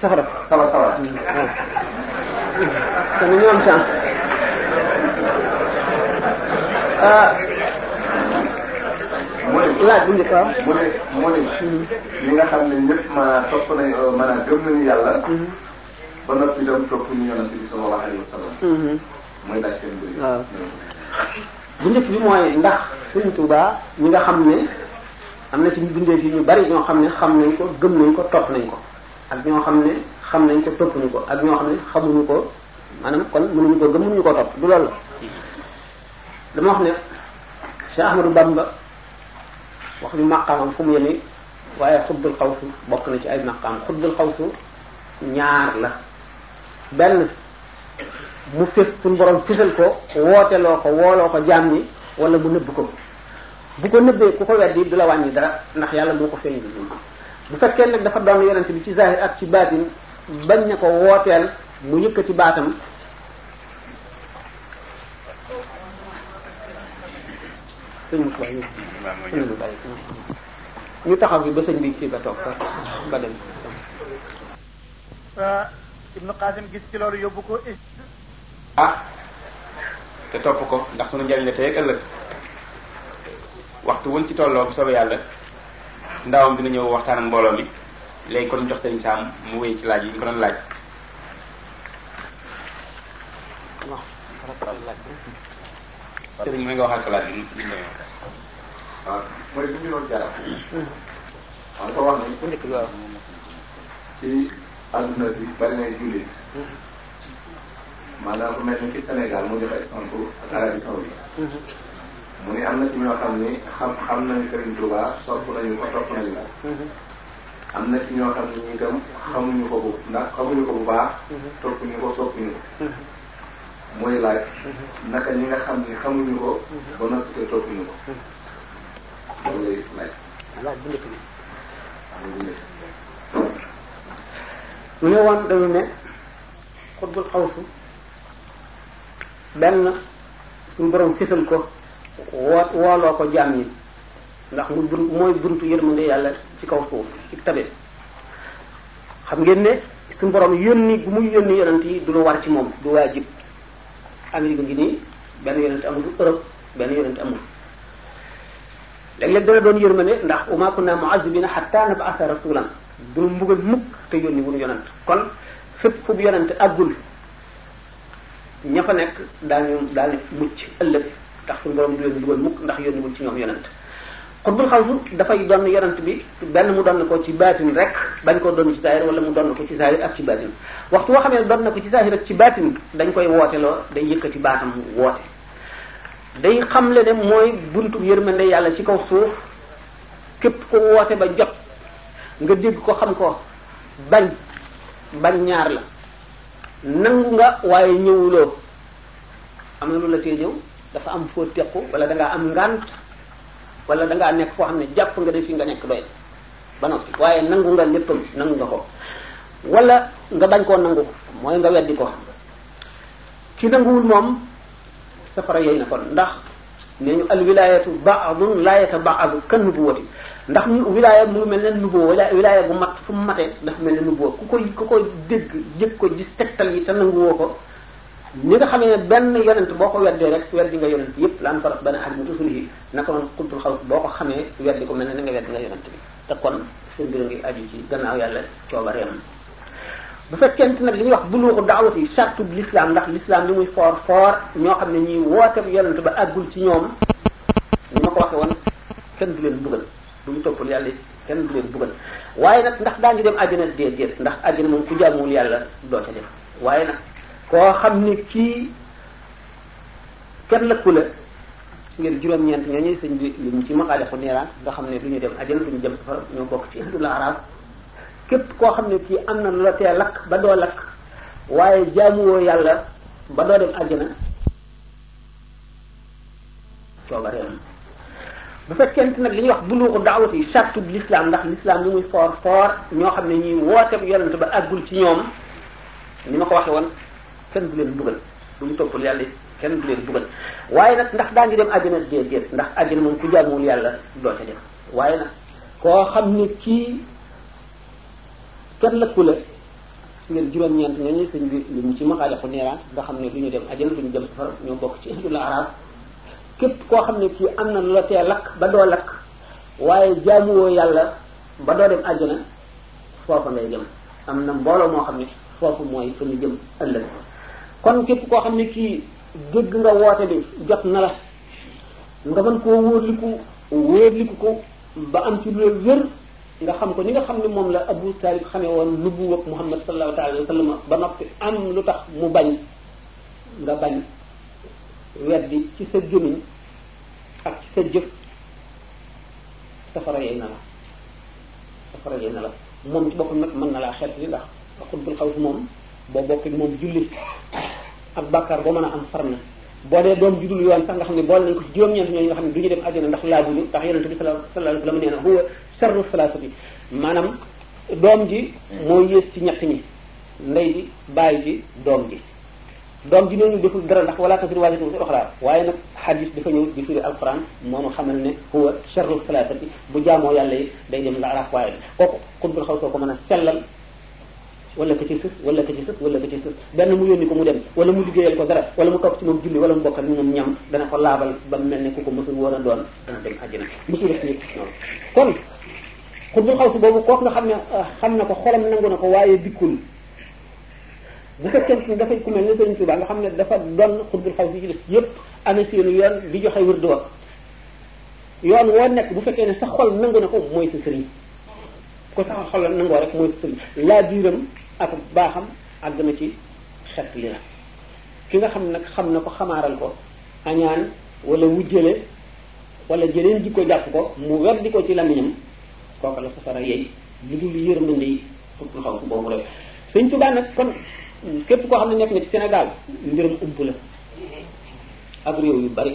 safara sama safara. Hmm. kon ñu am chance. Ah. laaj bu njëkk waaw. mu ne mu ne. Hmm. ñi nga xam ne ñëpp maanaam topp nañ euh, maanaam gëm nañu yàlla. Hmm. ba noppi dem topp ñu yonent bi sallallahu alayhi wa sallam. mooy laaj seen mbir waaw bu njëkk bi mooy ndax Sëriñ Tuubaa ñi nga xam ne. am na ci bindee fi ñu bari ñoo xam ne xam nañ ko gëm nañ ko topp nañ ko ak ñoo xam ne xam nañ ko topp ñu ko ak ñoo xam ne xamuñu ko maanaam kon mënuñu ko gëm mënuñu ko topp du loolu dama wax ne Cheikh Ahmadou Bamba wax ñu maqaamam fu mu yemi waaye xutbul xawsu bokk na ci ay maqaam xutbul xawsu ñaar la benn mu fés suñu borom fésal ko wooteloo ko wooloo ko jaam ñi wala mu nëbb ko bu ko nëbbee ku ko weddi du la wàññi dara ndax yàlla moo ko feeñ bu fekkee nag dafa doon yonent bi ci zahir ak ci baatin bañ ne ko wooteel mu yëkkati baatam ñu taxaw bi ba sëñ bi ci ba toog ba euh, gis ci loolu yóbbu ko ah, topp ko ndax sunu njariñ la tey ëllëg waxtu wuñ ci tolloo bu soobee yàlla ndawam dina ñëw waxtaan ak mbooloo mi léegi kon jox sëriñ Saam mu wéy ci laaj yi ñu ko doon laaj. sëriñ laaj bi ah, ñu waaw mooy ah, wax ne. ci àdduna bi bari na jullit. Mm-hmm. ni ci Sénégal mu def ay mu ne am na ci ñoo xam ni xam xam nañu Serigne Touba sopp nañu ko topp nañu ko. Mm-hmm. am na ci ñoo xam ne ñi itam ko bu ndax ko bu baax. Mm-hmm. Mm-hmm. naka ñi nga xam ni xamuñu ko. ba noppi te toppuñu ko. loolu lay laaj. dañu ne xutbul xawsu benn suñu borom fisal ko. woot wooloo ko jaam yi ndax mu bunt mooy buntu yërmande yàlla ci kaw suuf ci tabe xam ngeen ne suñu borom yónni bu muy yónni yonent yi du lu war ci moom du waajib Amérique ngi nii benn yonent amul Europe benn yonent amul léeg-léeg dana doon yërmande ndax wa maa na mu'azzibina hatta nab'atha rasulan du nu mbugal mukk te yónni wuñu yonent kon fépp fu bu yonent àggul fa nekk daañu daañu mucc ëllëg tax suñu borom du leen dugal mukk ndax yónniwul ci ñoom yonent xutbul xawsu dafay donn yonent bi benn mu donn ko ci baatin rek bañ koo doon ci saahir wala mu donn ko ci saahir ak ci baatin waxtu woo xam na ko ci saahir ak ci baatin dañ koy woote loo day yëkkati baatam woote day xamle ne mooy buntu yërmande yàlla ci kaw suuf képp ko woote ba jot nga dégg ko xam ko bañ bañ ñaar la nangu nga waaye ñëwuloo am na lu la tee ñëw dafa am foo tequ wala dangaa am ngànt wala dangaa nekk foo xam ne jàpp nga de fi nga nekk doy ba waaye nangu nga léppam nangu nga ko wala nga bañ koo nangu mooy nga weddi ko ki nanguwul moom safara yooyu na ko ndax nee ñu baax wilayatu baadun laa yatabaadu kan nubuwati ndax wilaya mu ngi mel ne nubuwa wilaya bu mat fu mu matee dafa mel ne nubuwa ku koy ku koy dégg jëkk ko gis tegtal yi te nanguwoo ko ni nga xamee ne benn yonent boo ko weddee rek weddi nga yonent yëpp la am farat benn ahad min rusulihi naka noonu xuntul xaw boo ko xamee weddi ko mel ne nga weddi nga yonent bi te kon seen mbir ngi aju ci gannaaw yàlla coobareem bu fekkente nag li ñuy wax buluuxu daawat yi sartu l'islam ndax l'islam li muy foor foor ñoo xam ne ñuy woote yonent ba àggul ci ñoom ni ma ko waxee woon kenn du leen buggal bu ñu toppal yàlla kenn du leen buggal waaye nag ndax daañu dem àjjana déedéet ndax àjjana moom ku jàmmul yàlla doo ca def waaye koo xam ni kii kenn lëkku la ngir juróom-ñeent ñooñu sëñ bi li ci maqaale xu niiraan nga xam ne du ñu dem ajana du ñu jëm fa ñoo bokk koo xam ne kii am na loo tee lakk ba doo lakk yàlla ba dem ajana coobareem bu nag li ñuy wax buluuxu daawat yi sartu l'islam ndax l'islam li muy ñoo xam ne ñuy woote yonent ba àggul ci ñoom ni ma ko waxe woon kenn du leen bugal bu ñu toppul yàlla kenn du leen bugal waaye ndax daa ngi dem àjjana déedéet ndax àjjana moom ku jaamuwul yàlla doo ca dem waaye koo xam ne kii kenn lëkku la ngeen juróom-ñeent ñooñu sëñ bi ci maxaale ko neeraan nga xam ne lu ñu dem àjjana lu ñu jëm safara ñoo bokk ci képp koo xam ne kii am na loo lakk ba doo lakk yàlla ba doo dem àjjana ngay jëm am na mbooloo moo xam ne foofu mooy fa ñu jëm ëllëg kon képp koo xam ne kii dégg nga woote bi jot na la nga mën koo wóorliku wóorliku ko ba am ci lu wér nga xam ko ñi nga xam ne moom la Abu Talib xamee woon nubbu wëg Muhammad sallallahu alayhi wa sallam ba noppi am lu tax mu bañ nga bañ weddi ci sa gémmiñ ak ci sa jëf safara yey na la safara yey na la moom ci boppam xaw moom boo bokk moom jullit ak bàkkaar boo mën a am far na boo dee doom judul yoon sax nga xam ne boole nañ ko juróom-ñeent ñooñu nga xam ne du ñu dem àjjana ndax laajulu ndax yonente bi sallallahu alayhi wa sallam nee huwa sharru salaasati maanaam doom ji moo yées ci ñett ñi ndey ji bàyyi ji doom ji doom ji noonu dara ndax wala tazir waaziratun wizra uxraa waaye nag xadis dafa ñëw di firi alquran moom xamal ne huwa sharru salaasati bu jaamoo yàlla yi day dem la arax waaye kooku xutbul xaw soo ko mën a sellal wala ka ci sës wala ka wala ka ci sës benn mu yónni ko mu dem wala mu liggéeyal ko dara wala mu topp ci moom julli wala mu bokk ak moom ñam dana ko laabal ba mel ni ku ko mosul war a doon dana dem àjjana mosul def nit noonu kon xutbul xaw si boobu kook nga xam ne ah, xam na ko xolam nangu na ko waaye dikkul naka kenn dafay ku mel ne Sëriñ Tuubaa nga xam ne dafa doon xutbul xaw si ci def yépp amee seenu yoon di joxe wërdu wa yoon woo nekk bu fekkee ne sa xol nangu ne ko mooy ko sa xol nangoo rek laa biiram ak baaxam àgg na ci xet la ki nga xam nag xam na ko xamaaral ko añaan wala wujjale wala jeneen jikko jàpp ko mu wer di ko ci lamiñam kooka la safara yeey lu dul yërmande yi fukk xaw boobu sëñ Tuubaa nag kon képp koo xam ne nekk na ci Sénégal mbirum ump la ak réew yu bari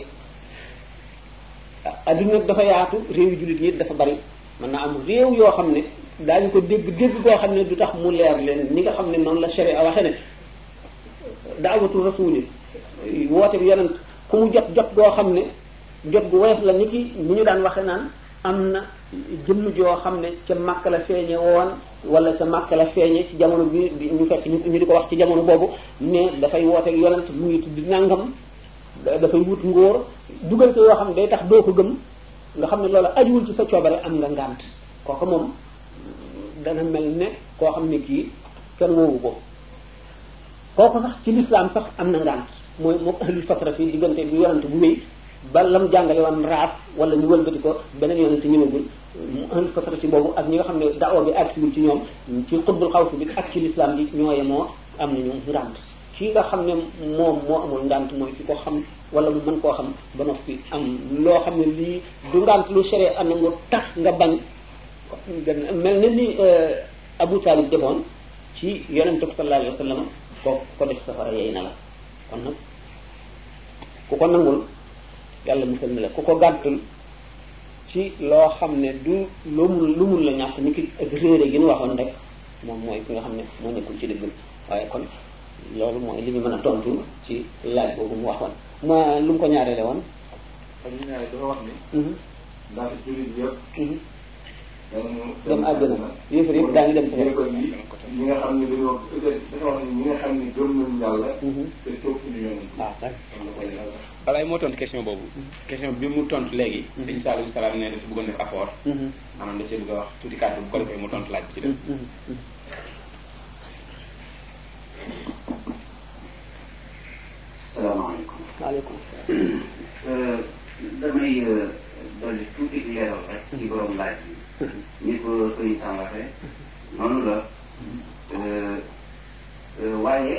adduna dafa yaatu réew yu jullit ñi dafa bari mën naa am réew yoo xam ne daañu ko dégg dégg koo xam ne du tax mu leer leen ni nga xam ne noonu la sharia waxe ne daawatu rasuli woote bi yonent ku mu jot jot goo xam ne jot gu woyof la nit ki ni ñu daan waxe naan am na jëmm joo xam ne ca màkk la wala ca màkk ci jamono bi ñu ñu di ko wax ci jamono boobu ne dafay woote yonent mu ngi tudd nàngam dafay wut ngóor dugal ko yoo xam ne day tax doo ko gëm nga xam ne loolu ajuwul ci sa coobare am nga ngànt kooku moom dana mel ne koo xam ne kii kenn woowu ko kooku sax ci lislaam sax am na ngànt mooy moom ahlul fatra fi diggante bi yonante bu wéy ba lam jàngale woon raaf wala ñu wëlbati ko beneen yonante ñëwagul mu ahlul fatra boobu ak ñi nga xam ne daawa bi agsiwul ci ñoom ci xutbul xawsi bi ak ci lislaam bi ñooye moo am nañu ngànt ki nga xam ne moom moo amul ngànt mooy ki ko xam wala mu mën koo xam ba noppi am loo xam ne lii du ngànt lu sere am na nga nga bañ mel na ni euh, Abu Talib defoon ci yonente bi sallallahu alayhi wa ko ko def safara yey na la kon nag ku ko nangul yàlla musal na la ku ko gàttul ci loo xam ne du lu mun lu mun la ñàkk ni ki ak réere gi nu waxoon rek moom mooy ki nga xam ne moo nekkul ci dëgg waaye kon loolu mooy li ñu mën a tontu ci laaj boobu mu waxoon ma lu mu ko ñaareele woon. dem àjjana yëpp yëpp daañu dem safara ñi nga xam ne dañoo dafa nga xam ne gëm nañu yàlla mhm. te topp ñu balaay moo tontu question boobu mhm. question bi mu tontu léegi mhm. sëñ Saliou Salam ne dafa bëggoon def apport maanaam da cee bëgg a wax tuuti kàddu bu ko defee mu tontu laaj ci dem salaamaaleykum waaleykum euh, damay euh, dolli tuuti ci leeral rek ci borom laaj bi ni ko sëriñ Sam waxee noonu la euh, euh, waaye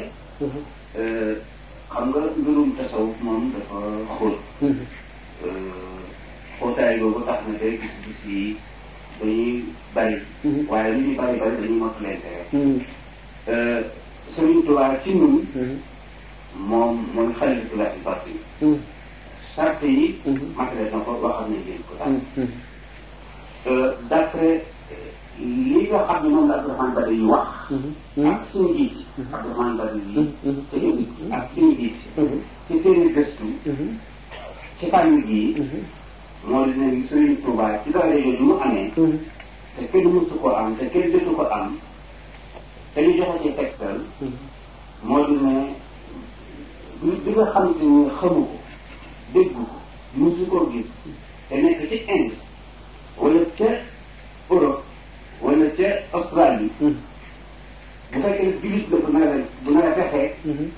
xam nga mbirum tasawuf moom dafa xóot euh, xóotaay boobu tax na day gis gis yi dañuy bari waaye li ñu bari bari dañuy mokk leen rek sëriñ Tuubaa ci ñun moom mooy xalifatulaay barke yi charte yi. matériel na ko waxal nañ leen ko daal. Mhm. Mhm. Euh, d'après li nga xam ne moom la Abdourahmane Bada yi wax. Mhm. ak suñu jiit yi. Abdourahmane Bada yi. te ñu ak suñu jiit yi. ci seen i gëstu. ci fànn gii. moo di ne Sëriñ Tuubaa ci doole yooyu kenn mësu ko am te kenn jotu ko am. te ñu joxe ci tegtal. moo di ne li nga xam te ne xamu ko. dégg ko mosu koo gis te nekk ci Inde wala ca Europe wala ca Australie hmm. bu fekkee jullit la bu nar a bu nar a fexee hmm.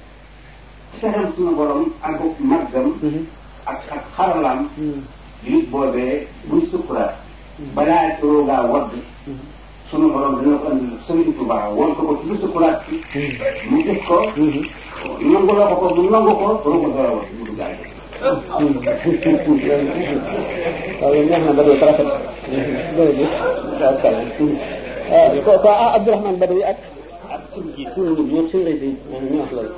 fexeem suñu borom ak màggam hmm. ak ak xaralaam jullit boobee buy sukkuraat balaa roogaa wadd sunu borom dina ko andi Sëriñ Tuubaa woon ko ko ci lu sukkuraat bi mu def ko nangu la ko ko mu nangu ko roga dora wa mu dugg loolu neex na Badou rafet jërëjëf waaw kay ko ko Abdourahmane Badou ak ak suñu ji suñu ji ñoom suñu rëy ñu wax loolu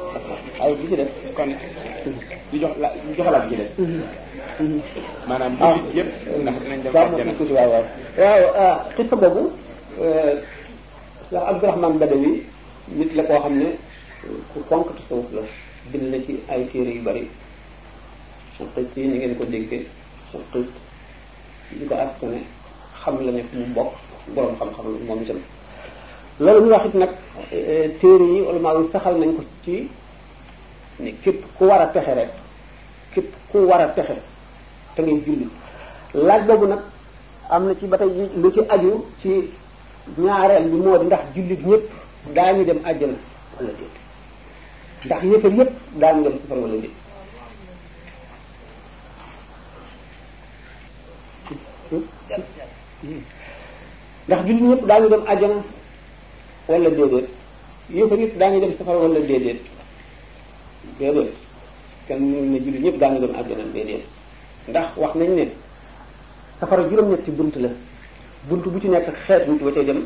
waaye bi ci def kon di jox la di joxalaat ji def maanaam bu yëpp ndax nañ dem waaw waaw waaw xisa boobu ndax Abdourahmane Badawi nit la koo xam ne ku fonk tasawuf la bind la ci ay téere yu bari xinqit yi ni ngeen ko déggee xinqit di ko askane xam la ne fu mu bokk boroom xam-xam la moom itam loolu ñu wax nag eh, téere yi ulama yi saxal nañ ko ci ne képp ku war a texe rek képp ku war a texe te ngay julli laaj boobu nag am na ci ba tey lu ci aju ci ñaareel bi moo ndax jullit ñëpp daañu dem àjjana wala déet ndax yëpp yëpp daañu dem safara wala déet ndax jullit ñëpp daañu dem àjjana wala déedéet yéefar yëpp daañu dem safara wala déedéet déedéet kenn mënul ne jullit ñëpp daañu dem àjjana déedéet ndax wax nañ ne safara juróom ci bunt la bunt bu ci nekk xeet nit wa cay dem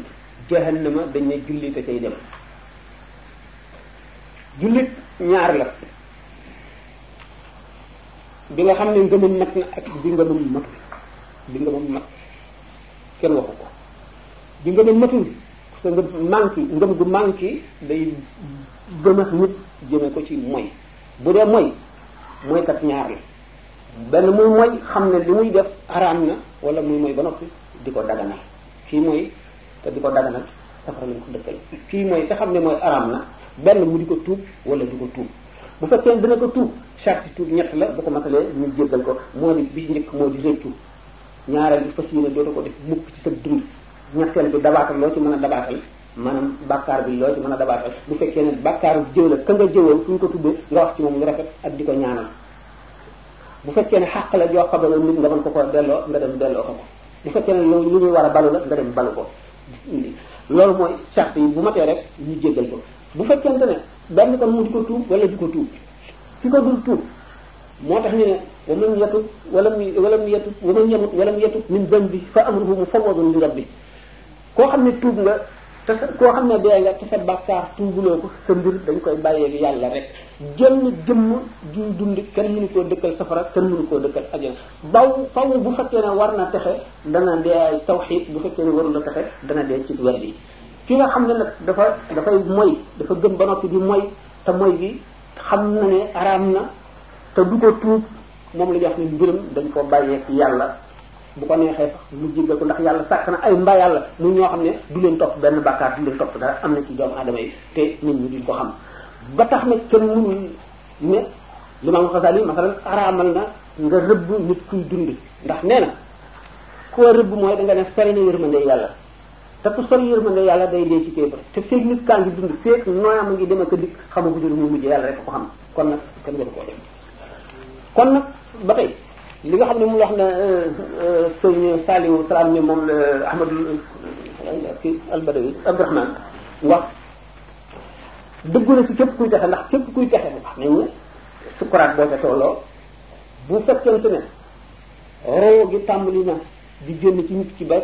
jahannama dañ ne jullit a cay dem jullit ñaar la bi nga xam ne ngëmam nag na ak bi ngëmam mat li nga moom mat kenn waxu ko di nga moom matul parce que nga manqué ngëm gu manqué day bënax nit jëme ko ci moy bu dee moy mooy ñaar la benn muy moy xam ne li muy def araam na wala muy moy ba noppi di ko daganal kii mooy te di ko daganal safara lañ ko dëkkal kii mooy te xam ne mooy araam na benn mu di ko tuub wala di ko tuub bu fekkee dina ko tuub charte tuub ñett la bu ko matalee ñu ko moo di bi njëkk moo di rëccu ñaareel bi fas yéene dootoo ko def mukk ci sa dund ñetteel bi dabaatal loo ci mën a dabaatal maanaam bàkkaar bi loo ci mën a dabaatal bu fekkee ne bàkkaaru jëw la ka nga jëwoon fu ñu ko tuddee nga wax ci moom lu rafet ak di ko ñaanal bu fekkee ne xàq la joo xabaloon nit nga mën ko ko delloo nga dem delloo ko ko bu fekkee ne loolu lu ñuy war a balu la nga dem balu ko loolu mooy charte yi bu matee rek ñu jéggal ko bu fekkente ne benn kon mu di ko tuub wala di ko tuub fi ko dul tuub moo tax ñu ne waman yatub walam walam yatub waman yamut walam yatub min dambi fa amruhu mufawwadun li rabbi koo xam ne tuub la te sa koo xam ne dee nga te sa bàkkaar tuubuloo ko sa mbir dañ koy bàyyeeg yàlla rek jënn jëmm juy dund kenn mënu koo dëkkal safara kenn mënu koo dëkkal ajal baw faw bu fekkee ne war na texe dana dee tawxiid bu fekkee ne warul a texe dana dee ci wér yi ki nga xam ne nag dafa dafay moy dafa gëm ba noppi di moy te moy bi xam na ne araam na te moom la ñu wax ni mbiram dañ ko bàyyeek yàlla bu ko neexee sax mu jéggal ko ndax yàlla sàkk na ay mba yàlla mu ñoo xam ne du leen topp benn bàkkaar du leen topp dara am na ci doomu aadama te nit ñi ko xam ba tax na kenn mënul ne limaam Xasaali masalan araamal na nga rëbb nit kuy dund ndax nee na ku rëbb mooy da nga ne sori na yërmande yàlla te ku sori yërmande yàlla day dee ci kéefar te feeg nit kaa ngi dund feeg noyaam a ngi dem ak a dikk xamaguñu lu mu mujj yàlla rek ko xam kon nag kenn gënu koo dem kon nag ba tey li nga xam ne mu wax na euh, euh, sëñ Saliou Salam ni moom la euh, Ahmadou kii Albadawi Abdourahmane wax dëggu na si képp kuy texe ndax képp kuy texe wax nañ ne sukuraat boo ca tolloo bu fekkente ne roo gi na di génn ci ñu ci ba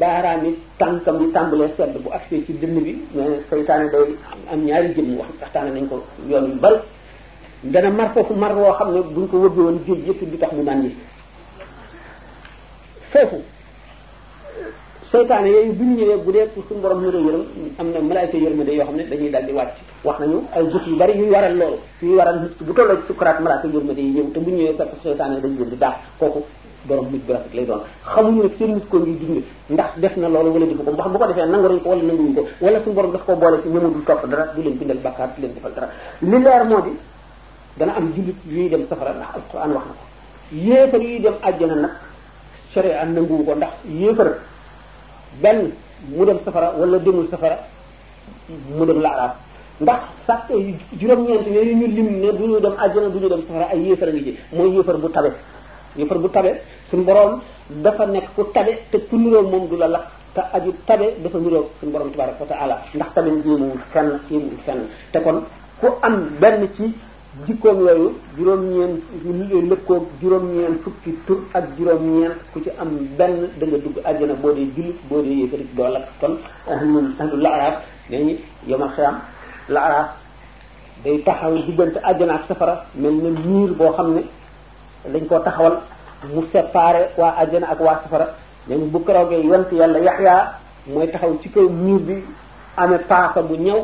baaraam yi tànkam di tàmbalee sedd bu ak accès ci dënn bi mais seytaane day am ñaari jëm wax waxtaane nañ ko yoon yu bal dana mar foofu mar woo xam ne buñ ko wëggee woon géej yëpp bi tax mu nandi foofu seytaane yooyu bu ñu ñëwee bu dee suñu borom ñu doon yërëm am na malaayka yërmande yoo xam ne dañuy daal di wàcc wax nañu ay jëf yu bari yuy waral loolu yuy waral nit bu tolloo ci sukkuraat malaayka yërmande yi ñëw te bu ñëwee fekk seytaane dañu leen di kooku borom nit bu rafet lay doon xamuñu ne seen nit ko ngi dund ndax def na loolu wala defu ko ndax bu ko defee nangu nañ ko wala nanguñu wala suñu borom daf ko boole ci ñëmu dul topp dara du leen bindal bàkkaar du leen dana am jullit yuy dem safara ndax alquran wax na ko yéefar yuy dem àjjana nag sharia nanguwu ko ndax yéefar benn mu dem safara wala demul safara mu dem laa ndax sax juróom-ñeent yooyu ñu lim ne du ñu dem àjjana du ñu dem safara ay yéefar ngi ci mooy yéefar bu tabe yéefar bu tabe suñu borom dafa nekk ku tabe te ku niroo moom du la lakk te aju tabe dafa niroo suñu borom tabaraka wa taala ndax tamit jéemawul fenn jéemawul fenn te kon ku am benn jikkoom yooyu juróom-ñeent lëkkoog juróom-ñeent fukki tur ak juróom-ñeent ku ci am benn da nga dugg àjjana boo dee jullit boo dee yëkkati doo lakk kon ahlul ahlul laaraaf nee ñi yoma xiyam day taxaw diggante àjjana ak safara mel na miir boo xam ne dañ koo taxawal mu séparé waa àjjana ak waa safara nee ñi bu yont yàlla yaxyaa mooy taxaw ci kaw miir bi amee paaka bu ñëw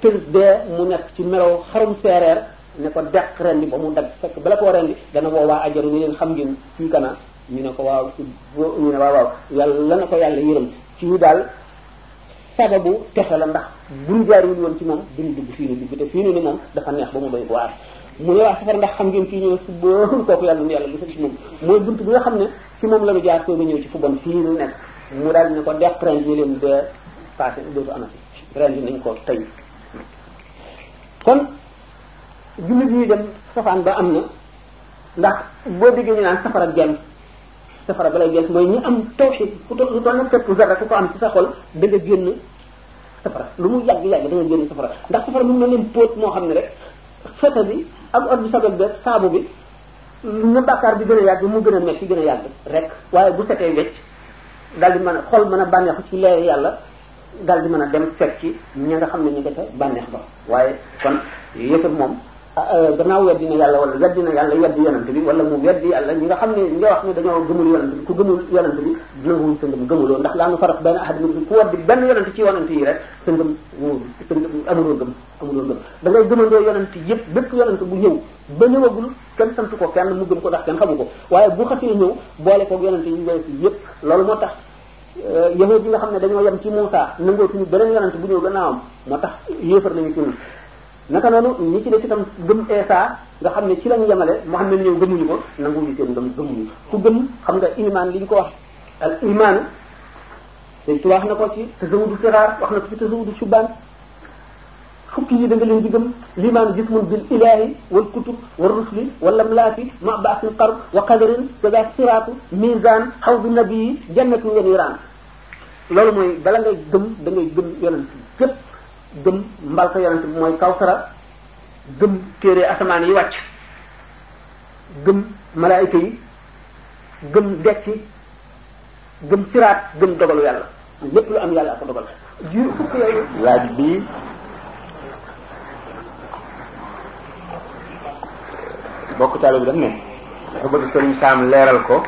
tër dee mu nekk ci melow xarum seereer ne ko deq rendi ba mu dagg fekk bala koo rendi dana woo waa ajaru ñu leen xam ngeen kii kana ñu ne ko waaw ñu ne waaw waaw yàlla na ko yàlla yërëm kii daal sababu texe la ndax buñ jaarul woon ci moom duñu dugg fii nu ni moom dafa neex ba mu doy waar mu ne waa ndax xam ngeen kii ñëw su bool kooku yàlla nu yàlla bu mooy bunt bi nga xam ne ci moom la ñu jaar soo nga ñëw ci fu bon fii nu nekk mu daal ne ko deq rendi ñu leen dee passé dootu anati rendi nañ ko tey jullit ñuy dem safaan ba am na ndax boo déggee ñu naan safara genn safara balay genn mooy ñu am tawxid ku to lu toll na pepp zarra ku ko am ci sa xol da nga génn safara lu mu yàgg yàgg da nga génn safara ndax safara mën na leen póot moo xam ne rek feta bi ak ordu sabel bi saabu bi na bàkkaar bi gën a yàgg mu gën a metti gën a yàgg rek waaye bu setee wecc dal di mën a xol mën a bànneexu ci leer yàlla dal di mën a dem fekk ci ña nga xam ne ñu nga ca bànneex ba waaye moom Euh, gannaaw weddi na yàlla wala weddi na yàlla weddi yonent bi wala mu weddi yàlla ñi nga xam ne ñi nga wax ne dañoo gëmul yonent bi ku gëmul yonent bi dina sa ngëm gëmuloo ndax laa nu farat benn ahad ci yonent yi rek yëpp bépp bu ñëw ba ñëwagul kenn santu ko kenn mu gëm ko ndax kenn xamu ko waaye bu xasee ñëw boole koog yonent yi wees yëpp loolu moo tax euh, yahud yi nga xam ne dañoo yem ci Muusa nangootuñu beneen yonent bu ñëw gannaawam moo tax yéefar nañu ci naka noonu ñi ci des itam gëm Isa nga xam ne ci lañu yemale Muhammad ñëw gëmuñu ko nanguwuñu seen ngëm gëmuñu ku gëm xam nga iman li ñu ko wax al iman dañ tu wax na ko ci tazawudu siraar wax na ko ci tazawudu subaan fukki yi da nga leen di gëm limaan jismun bil ilahi wal kutub wal rusli wal amlaaki ma baasin qar wa qadarin jaza siraatu misaan xawdu nabii jannatu ngeen yiraan loolu mooy bala ngay gëm da ngay gëm yonent yépp gëm mbal ko yonent bi mooy kawsara gëm téere asamaan yi wàcc gëm malaayika yi gëm dekki gëm siraat gëm dogalu yàlla lépp lu am yàlla ak dogal laaj bii bokk taalo bi daf ne dafa bëgg sëriñ Saam leeral ko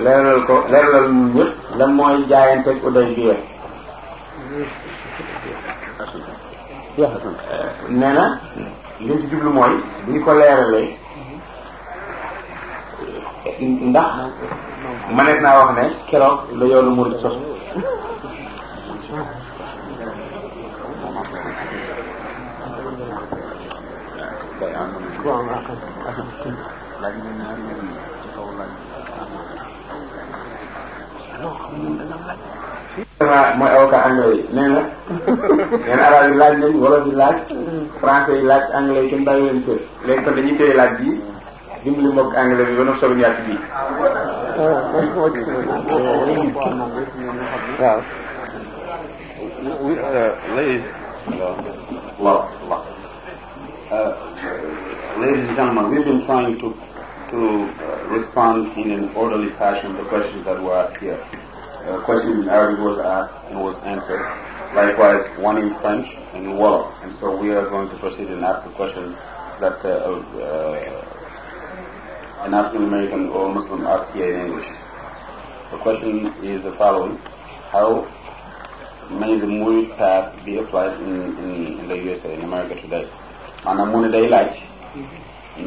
leeral ko leeralal ñëpp lan mooy jaayante ak Udaybiya nee na li ñu jublu mooy bu ñu ko leeralee ndax manees naa wax ne keroog la yoonu murid sos vraiment mooy avocat anglais yi nee na nee a arabe yi laaj nañ wolof yi laaj français kenn bàyyi leen kër léegi kon dañuy téye laaj bi dimbali mbokk anglais bi ba noonu solo ñaar ci bii waaw ladies waaw waaw uh, ladies and gentlemen we've been trying to to uh, respond in an orderly fashion the questions that a uh, question in Arabic was asked and was French and Wolof. And so we are going to proceed and ask the question that uh, uh, an African American or Muslim asked here in English. The question is the following. How may the Murid path be applied in, the USA, in America today? maanaam mu ne day laaj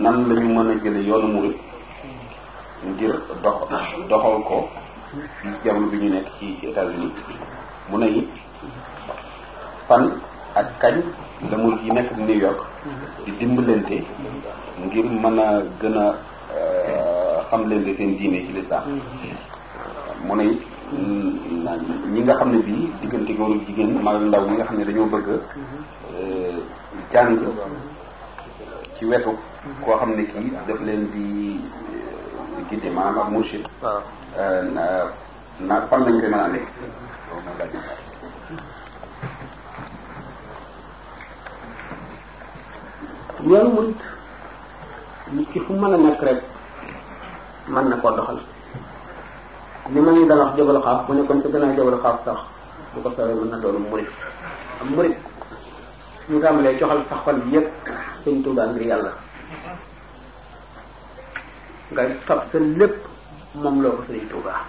nan la ñu mën a jële yoonu Murid ngir dox doxal ko fii jamono bi ñu nekk ci États-Unis mu ne it fan ak kañ la mu yi nekk New York di dimbalante ngir mën a gën a euh, xam leen seen diine ci lislaam mu ne it mm, ñi nga xam ne bii diggante góor ak jigéen mag ndaw ñi nga xam ne dañoo bëgg euh, jàng ci wetu koo xam ne kii daf leen di gindi euh, a amee murit ki fu mën a nekk rek mën na koo doxal li ma ñu daan wax xaaf bu nekkoon ci gannaaw jabal xaaf sax bu ko soobee mën na doon murit am murit ñu tàmbalee joxal sax xol bi yëpp sëñ Tuubaa yàlla nga fab sa lépp moom loo ko Sëriñ Tuubaa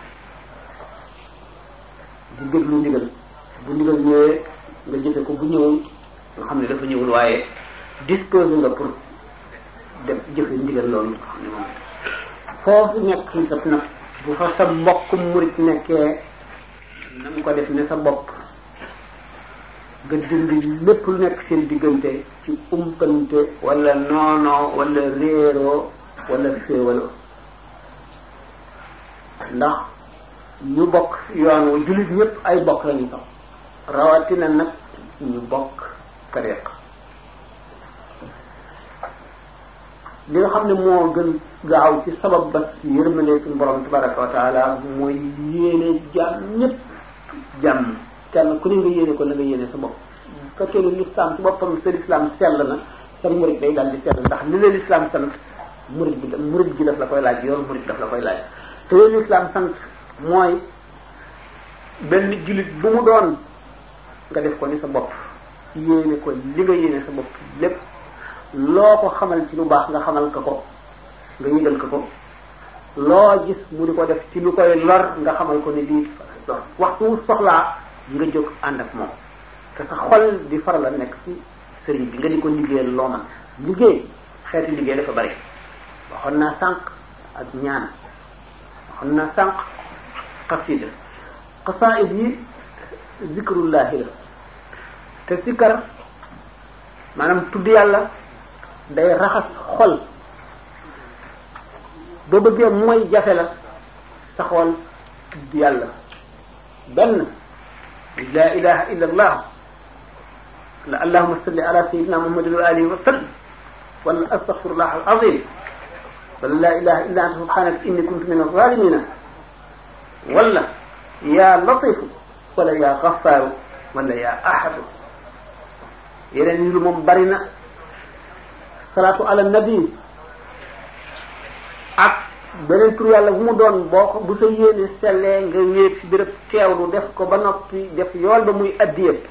di déglu ndigal bu ndigal ñëwee nga jëfe ko bu ñëwul nga xam ne dafa ñëwul waaye disposé nga pour def jëfe ndigal loolu ne foofu nekk ci sab bu fa sa mbokk murit nekkee na mu ko def ne sa bopp nga dindi lépp lu nekk seen diggante ci umpante wala noonoo wala réeroo wala féewaloo ndax ñu bokk yoon wu jullit ñëpp ay bokk lañu toog rawatina nag ñu bokk tariq li nga xam ne moo gën gaaw ci sabab ba yërmande suñu borom tabaraka wa taala mooy yéene jàmm ñëpp jàmm kenn ku ne nga yéene ko la nga yéene sa bopp fekkee ne l'islam ci boppam sa l'islam sell na sa murit day daal di sell ndax li la l'islam sant murid bi murid gi daf la koy laaj yoonu murid daf la koy laaj te yoonu sant mooy benn jullit bu mu doon nga def ko ni sa bopp yéene ko li nga yéene sa bopp lépp loo ko xamal ci lu baax nga xamal ko ko nga yëgal ko ko loo gis ko def ci lu koy nga xamal ko ne lii waxtu soxlaa nga jóg ànd ak moom te sa xol di faral la nekk ci sëriñ bi nga di ko liggéeyal loo man liggéey xeeti liggéey dafa bari waxoon naa sànq ak ñaan waxoon naa sànq xasida xasaid yi zikrullahi la te sikar maanaam tudd yàlla day raxas xol boo bëggee mooy jafe la sa xol tudd yàlla benn la ilaha illa allah la allahuma salli ala sayidina muhammadin wa alihi wa sallam wala astaghfirullah al azim wala laa ilaha illa anta subhanaka inni kuntu min az-zalimina wala yaa latifu wala yaa xafaaru wala yaa ahadu yeneen yi lu moom bari na salaatu ala nabi ak beneen tur yàlla bu mu doon boo ko bu sa yéene sellee nga wéet ci béréb teewlu def ko ba noppi def yool ba muy addi yëpp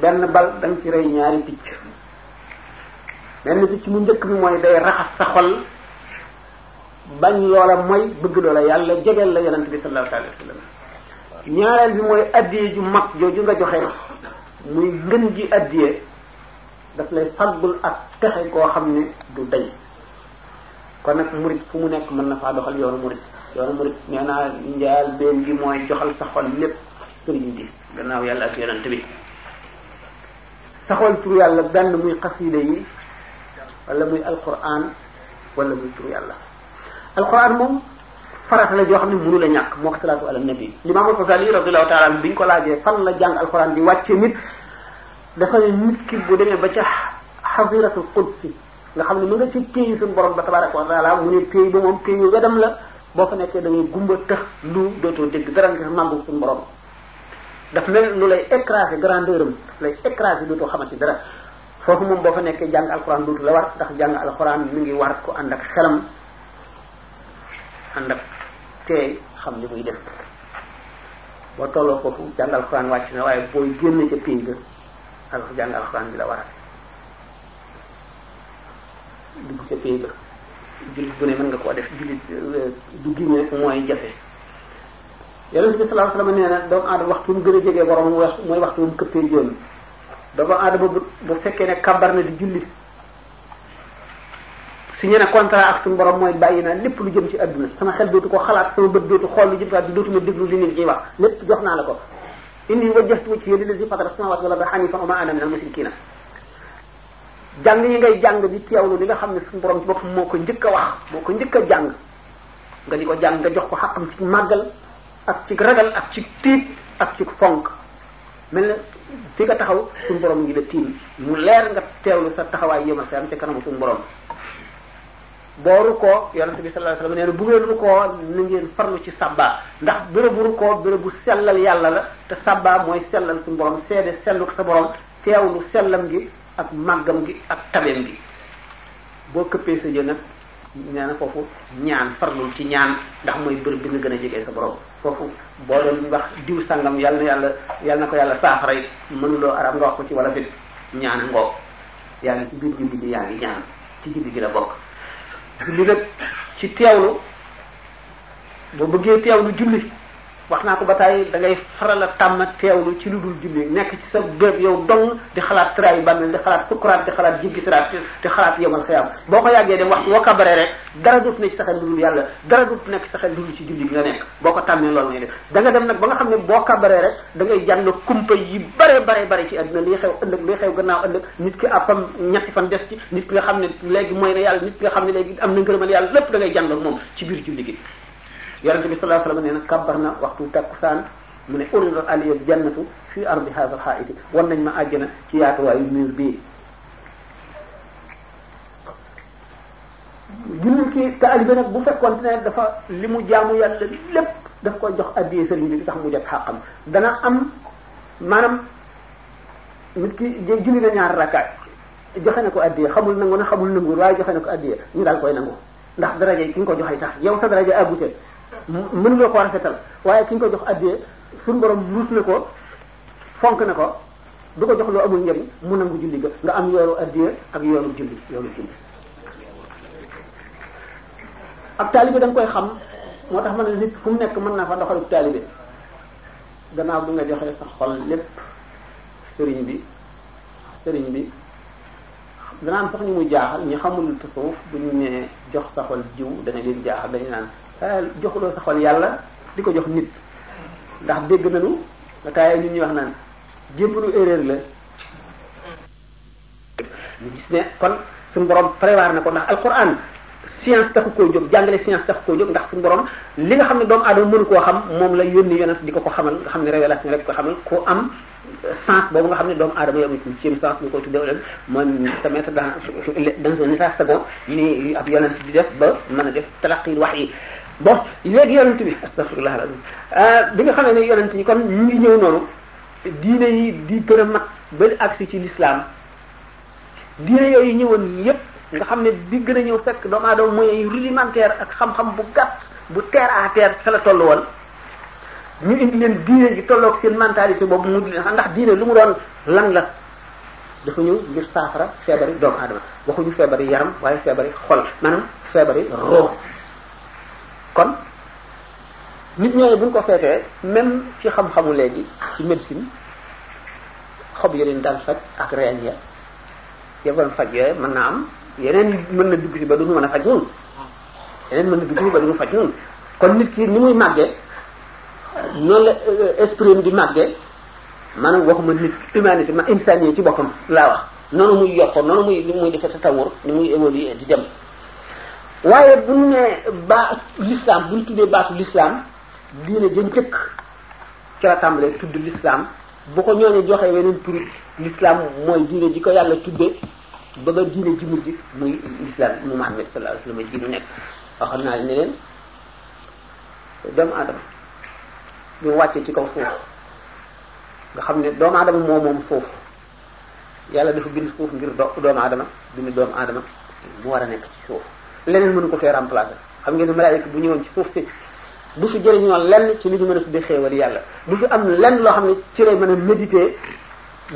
benn bal da nga ci rey ñaari picc benn bi ci mu njëkk bi mooy day raxas sa xol bañ loola mooy bëgg loola yàlla jegeel la yonent bi sallallahu bi mooy addiye ju mag jooju nga joxe muy ngën ji addiye daf lay ak texe koo xam ne du nag murid fu mu nekk mën na faa doxal yoonu murid yoonu murid joxal sa xol lépp sëriñ bi gannaaw yàlla ak yonent yàlla benn muy xasiida yi wala muy alquran wala muy tur yàlla alquran moom farata la joo xam ne mënu la ñàkk moo ko salaatu ala nabi limaam alxasaali radiyallahu taala bi ñu ko laajee fan la jàng alquran di wàccee nit dafa ne nit ki bu demee ba ca xasiratul qudsi nga xam ne mu nga ci téyi suñu borom ne téy ba moom dootoo dégg dara ngir màggu suñu borom daf lu lay écraser grandeur am lay écraser dara foofu moom boo fa nekkee jàng alxuraan dootu la war ndax jàng alxuraan mi ngi war ko ànd ak xelam ànd ak teey xam li muy def boo tolloo foofu jàng alxuraan wàcc na waaye booy génn ca pays alxuraan bi la waral dugg ca pays jullit bu ne mën nga koo def jullit euh, du rek mooy jafe yonent bi sallallahu alayhi wasallam nee na doomu aadama waxtu mu gën a jege borom mooy waxtu mu këppee jëm doomu aadama bu bu fekkee ne kabar na di julli su ñu ne ak suñu borom mooy bàyyi naa lépp lu jëm ci adduna sama xel dootu ko xalaat sama bët dootu xool lu jëm ci adduna dootuma déglu li nit ñi wax lépp jox naa la ko inni wajjahtu wajhiya lillazi fatara samawati wal arda hanifan wa ma ana minal mushrikina jàng yi ngay jàng di teewlu li nga xam ne suñu borom ci boppam moo ko njëkk a wax moo ko njëkk a jàng ko jàng jox ko xaqam ci màggal ak ci ragal ak ci tiit ak ci fonk mel ne fi nga taxaw suñu borom ngi la tiim mu leer nga teewlu sa taxawaay yëmal sa am te kanamu suñu borom boo rukkoo yonent bi sallallahu alayhi wasallam nee na bu ngeen rukkoo na ngeen farlu ci sàbbaa ndax bérébu rukkoo bérébu sellal yàlla la te sàbbaa mooy sellal suñu borom seede sellu sa borom teewlu sellam gi ak màggam gi ak tabeem gi boo këppee sa jën nag nee na foofu ñaan farlul ci ñaan ndax mooy bërëb bi nga gën a jege sa borom foofu boo doon wax diw sangam yàlla na yàlla yàlla na ko yàlla saafara it mënuloo arab nga wax ko ci wala bit ñaan ngoo yaa ngi julli julli gi la bokk julli nag ci teewlu boo bëggee teewlu julli wax naa ko ba tàyyi da ngay faral a tàmm teewlu ci lu dul julli nekk ci sa béeb yow dong di xalaat tray bàmmeel di xalaat sukkuraat di xalaat jiggi siraat di xalaat yomal xiyaam boo ko yàggee dem waxtu woo kabare rek dara dut ne yàlla dara dut nekk sa xel ci julli boo ko tàmmee loolu da nga dem nag ba nga ne boo kabaree rek da ngay jànn kumpa yi bare bare bare ci àdduna liy xew ëllëg liy xew gannaaw ëllëg nit ki àppam ñetti fan des ci nit ki nga xam ne léegi mooy na yàlla nit ki nga xam ne léegi am na ngërëmal yàlla lépp da ngay moom ci biir julli gi yonente bi sallallahu alayhi wasallam nee na kabbar na waxtu takkusaan mu ne uridat aliyal jannatu fi ardi hadha alhaaiti wan nañ ma àjjana ci yaatuwaayu mur bii jullit ki taalibe nag bu fekkoon dafa li mu jaamu yàlla lépp daf koy jox addiyee sëriñ bi tax mu jot xàqam dana am maanaam nit ki julli na ñaar rakkaat joxe na ko addiyee xamul nangu na xamul nangu waaye joxe na ko addiyee ñu daal koy nangu ndax daraja yi ki nga ko joxe tax yow sa daraja abute mën nga ko rafetal waaye ki nga ko jox addiyee suñu borom muus na ko fonk na ko du ko jox loo amul njariñ mu nangu julli ga nga am yoonu addiyee ak yoonu julli yoonu julli ak taalibe da nga koy xam tax ma ne nit mu nekk mën naa fa doxalu taalibe gannaaw bi nga joxee sa xol lépp sëriñ bi sëriñ bi dana am sax ñu mu jaaxal ñu xamul tasawuf bu ñu nee jox sa xol jiw dana leen jaaxal dañu naan joxuloo sa xol yàlla di ko jox nit ndax dégg nañu nga taayee ñun ñu wax naan jéem nu erreur la kon suñu borom prévoir na ko ndax alquran science taxu koo jóg jàngale science taxu koo jóg ndax suñu borom li nga xam ne doomu aadama mënu koo xam moom la yónni yonent di ko ko xamal nga xam ne révélation rek ko xamal ku am sens boobu nga xam ne doomu aadama yi amuñu ci seen sens ñu ko tuddee leen mën sa mettre dans dans un second ni ab yonent di def ba mën a def talaqi wax bon léegi yonent bi astaghfirullah alazim euh, bi nga xamee ne yonent yi kon ñu ngi ñëw noonu diine yi di gën a mag ba agsi ci lislaam diine yooyu ñëwoon yépp nga xam ne bi gën a ñëw fekk doomu mooy moyens yu rudimentaire ak xam-xam bu gàtt bu terre à terre ca la toll woon ñu indi leen diine ji tolloog seen mentalité boobu mu ndax diine lu mu doon lan la dafa ñëw ngir saafara feebari doomu aadama waxuñu feebari yaram waaye feebari xol maanaam feebari roo kon nit ñooñu bu ñu ko seetee même ci xam-xamu léegi ci médecine xob yeneen daan faj ak reen ya yëgoon faj yooyu mën naa am yeneen mën na dugg si ba du ñu mën a faj noonu yeneen na dugg si ba du ñu faj kon nit ki ni muy màggee noonu la euh, esprit di màggee maanaam waxuma nit humanité ma insaan yi ci boppam laa wax noonu muy yokkoo noonu muy muy defee sa tawur ni muy évoluer di dem waaye bu ñu nee baa l'islam bu ñu tuddee baatu l'islam diine jën cëkk ca la tàmbalee tudd l'islam bu ko ñooñu joxe weneen turi l'islam mooy diine di ko yàlla tuddee ba ba diine ji mujj muy l'islam Muhammad sallallahu alayhi wasallam ji mu nekk waxoon naa ne leen doomu aadama bi mu wàccee ci kaw suuf nga xam ne doomu aadama moo moom suuf yàlla dafa bind suuf ngir do doomu aadama bind doomu aadama mu war a nekk ci suuf leneen mënu ko fee remplacer xam ngeen ne malaayika bu ñëwoon ci suuf si du fi jëriñoo lenn ci li ñu mën a tuddee xéewal yàlla du fi am lenn loo xam ne ci lay mën a méditer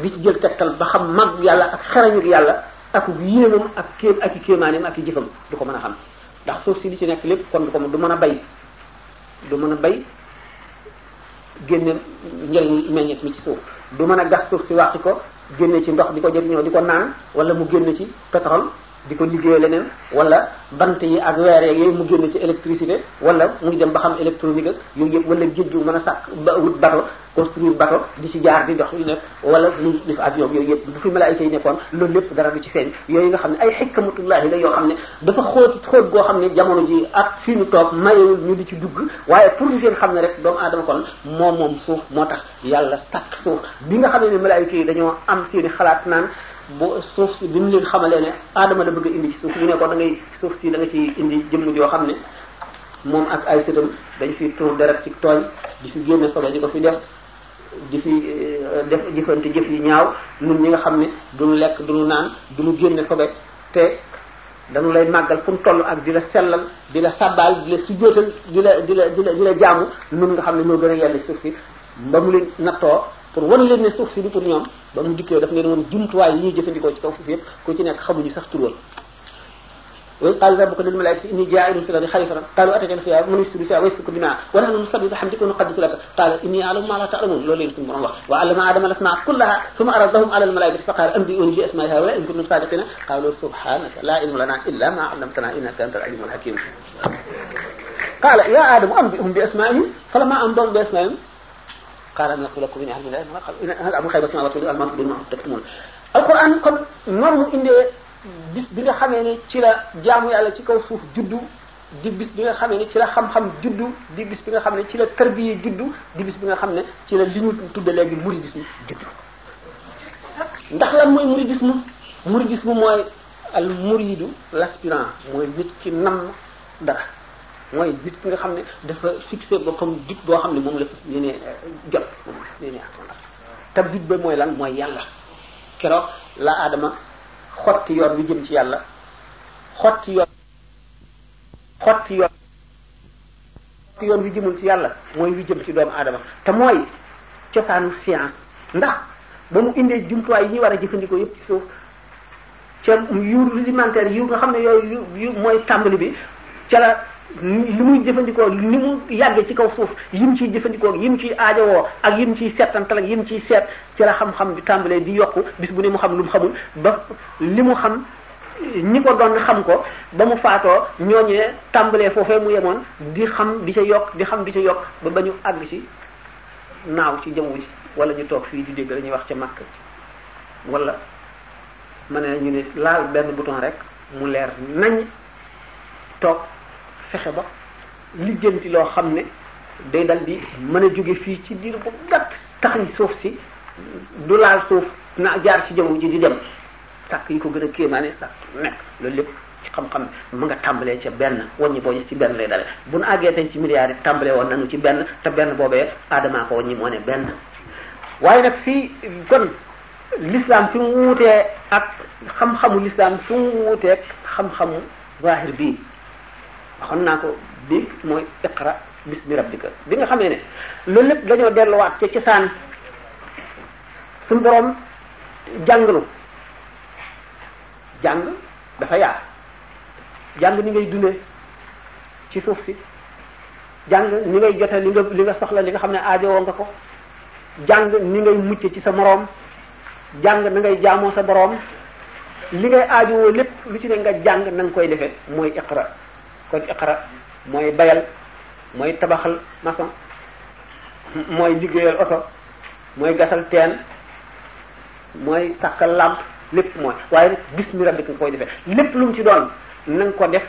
bi ci jël tegtal ba xam mag yàlla ak xarañuk yàlla ak yéemam ak kéem ak i kéemaaneem ak i jëfam du ko mën a xam ndax suuf si li ci nekk lépp kon du ko du mën a bay du mën a bay génne njëriñ meññeef mi ci suuf du mën a gas suuf si wàqi ko génne ci ndox di ko jëriñoo di ko naan wala mu génne ci pétrole di ko liggéey leneen wala bant yi ak weer yeeg yooyu mu génn ci électricité wala ngi dem ba xam électronique ak yooyu yëpp wala géej gi mën a sàkk ba wut bato di ci jaar di dox yu wala mu def avion yooyu yëpp bu fi malaayika yi nekkoon loolu lépp dara du ci feeñ yooyu nga xam ne ay xikkamatullahi la yoo xam ne dafa xóot xóot goo xam ne jamono ji ak fi ñu toog mayewul ñu di ci dugg waaye pour ngeen xam ne rek doomu aadama kon moo moom suuf moo tax yàlla sàkk suuf bi nga xam ne ne malaayika yi dañoo am seeni xalaat naan boo suuf si bi mu leen xamalee ne aadama la bëgg indi ci suuf ñu ne ko da ngay suuf si da nga ci indi jëmm joo xam ne moom ak ay sëtam dañ fi tuur deret ci tooñ di fi génne sobe di ko fi def di euh, def jëfante jëf yi ñaaw ñun ñi nga xam ne duñu lekk duñu naan duñu génne sobe te dañu lay màggal fu mu toll ak di la sellal di la sàbbaal di la sujjóotal di la di la di la di la jaamu ñun nga xam ne ñoo gën a yell suuf si ba mu leen nattoo pour wan leen ne suuf si du pour ñoom ba mu dikkee daf leen woon jumtuwaay yi ñuy jëfandikoo ci kaw suuf yëpp ku ci nekk xamuñu sax turam wa qaala rabbuka lil malaa'ikati inni jaa'ilun fil ardi xalifatan qaalu ataj'alu fiihaa man yufsidu fiihaa wa yasfiku dimaa wa nahnu nusabbihu bihamdika wa nuqaddisu laka qaala inni a'lamu maa laa ta'lamuun loolu leen suñu borom wax wa 'allama aadama al-asmaa'a kullahaa thumma aradahum 'ala al-malaa'ikati fa qaala anbi'uunii bi asmaa'i haa'ulaa'i in kuntum saadiqiina qaaluu subhaanaka laa 'ilma lanaa illaa maa 'allamtanaa innaka anta al-'aliimu al-hakiim qaala yaa aadamu anbi'hum bi asmaa'ihim falammaa anbahum bi asmaa'ihim قال أن نقول لكم من أهل الله هذا أبو خيبة ما wartu al mantu bil ma'ruf kon noonu mu indee bis bi nga xamee ne ci la jaamu yàlla ci kaw suuf juddu di bis bi nga xamee ne ci la xam-xam juddu di bis bi nga xam ne ci la tarbiye juddu di bis bi nga xam ne ci la li ñu tudde léegi muridisme juddu ndax muy mooy muridisme muridisme mooy al muridu mooy nit ki nam dara mooy nit ki nga xam ne dafa fixé boppam but boo xam ne moom la ñu ne euh, jot moom la ñu ne te but ba mooy lan mooy yàlla keroog la aadama xotti yoon wi jëm ci yàlla xotti yoon yoon xotti yoon wi jëmul ci yàlla mooy wi jëm ci doomu aadama te mooy cosaanu science ndax ba mu indee jumtuwaay yi ñuy war a jëfandikoo yëpp ci suuf ca yuur rudimentaire yi nga xam ne yooyu mooy tàmbali bi ca la li muy jëfandikoo li mu yàggee ci kaw suuf yim ciy jëfandikoo ak yim ciy aajowoo ak yim ciy seetantal ak yim ciy seet ci la xam-xam bi tàmbalee di yokk bis bu ne mu xam lu mu xamul ba li mu xam ñi ko doon xam ko ba mu faatoo ñooñu ne tàmbalee foofee mu yemoon di xam di ca yokk di xam di ca yokk ba ba ñu àgg ci naaw ci jëmwu ji wala ñu toog fii di dégg la wax ci màkk wala ma ne ñu ne laal benn bouton rek mu leer nañ toog fexe ba lijjanti loo xam ne day dal di mën a jóge fii ci diir bu gàtt tax ni suuf si du laal suuf na jaar ci jamono ji di dem tàkk yi ko gën a kéemaane sax nekk loolu lépp ci xam-xam mu nga tàmbalee ca benn wàññi boo ci benn lay bu àggee tey ci milliards yi nañu ci benn te benn boobee aadamaa ko wàññi moo ne benn waaye nag fii kon l'islam fi mu wuutee ak xam-xamu l'islam fi mu wuutee xam-xamu zahir bii xam naa ko bi mooy iqra bismi rabbika bi nga xamee ne loolu lépp dañoo delluwaat ci cosaan suñu borom jàngalu jàng dafa yaar jàng ni ngay dunde ci suuf si jàng ni ngay jote li nga li nga soxla li nga xam ne aajowoo nga ko jàng ni ngay mucc ci sa moroom jàng na ngay jaamoo sa boroom li ngay aajowoo lépp lu ci ne nga jàng na nga koy defee mooy iqra ko iqra mooy bayal mooy tabaxal maçon mooy liggéeyal oto mooy gasal teen mooy takkal làmp lépp mooy waaye nag bismi rabbik nga koy defee lépp lu ci doon na nga ko def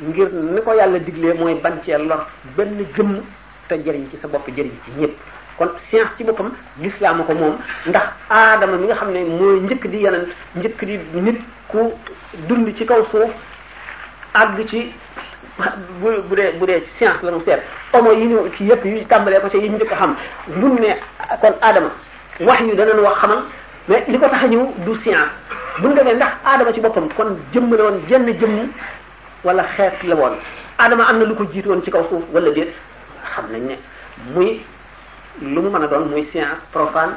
ngir ni ko yàlla diglee mooy ban cee lor benn jëmm te jëriñ ci sa bopp jëriñ ci ñëpp kon science ci boppam lislaam a ko moom ndax aadama mi nga xam ne mooy njëkk di yeneen njëkk di nit ku dund ci kaw suuf àgg ci bu bu dee bu dee science la mu seet omo yi ñu ci yëpp yu tàmbalee ko ci yi ñu njëkk a xam mun ne kon Adama wax ñu danañ wax xamal mais li ko tax a ñëw du science bu ñu demee ndax Adama ci boppam kon jëmm la woon jenn jëmm wala xeet la woon Adama am na lu ko jiitu woon ci kaw suuf wala déet xam nañ ne muy lu mu mën a doon muy science profane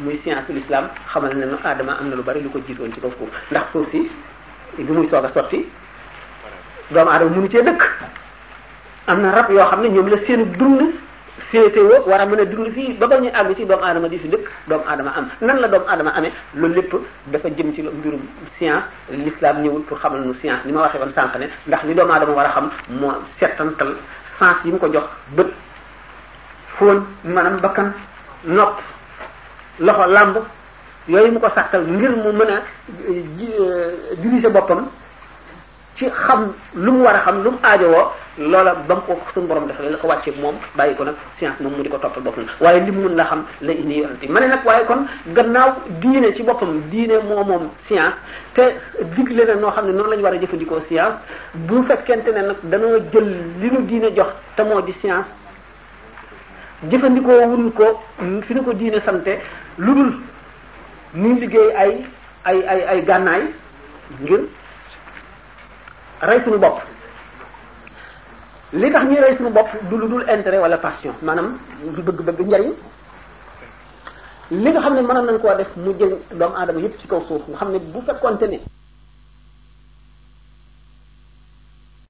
muy science l'islam xamal ne Adama am na lu bari lu ko jiitu woon ci kaw suuf ndax suuf si bi muy soog a sotti. doomu aadama mënu cee dëkk am na rab yoo xam ne ñoom la seenu dund féetewoo war a mën a dund fii ba ba ñu àgg ci doomu aadama di fi dëkk doomu aadama am nan la doomu aadama amee loolu lépp dafa jëm ci mbirum science l'islam ñëwul pour xamal nu science ni ma waxee woon sànq ne ndax li doomu aadama war a xam moo settantal sens yi mu ko jox bët fóon maanaam bakkan nopp loxo làmb yooyu mu ko sàkkal ngir mu mën a eh, eh, diriger boppam ci xam lu mu war a xam lu mu aajowoo loola ba mu ko suñu borom def la ko wàcce moom bàyyi ko nag science moom mu di ko toppal boppam waaye li mu mën la xam la indi yonent ma ne nag waaye kon gannaaw diine ci boppam diine moo moom science te digle na noo xam ne noonu la war a jëfandikoo science bu fekkente ne nag danoo jël li nu diine jox te moo di science jëfandikoo wuñ ko fi nu ko diine sante lu dul nuy liggéey ay ay ay ay gànnaay ngir rey suñu bopp li tax ñuy rey suñu bopp du lu dul intérêt wala passion maanaam du bëgg-bëgg njariñ li nga xam ne mënoon nañ koo def mu jël doomu aadama yépp ci kaw suuf nga xam ne bu fekkonte ne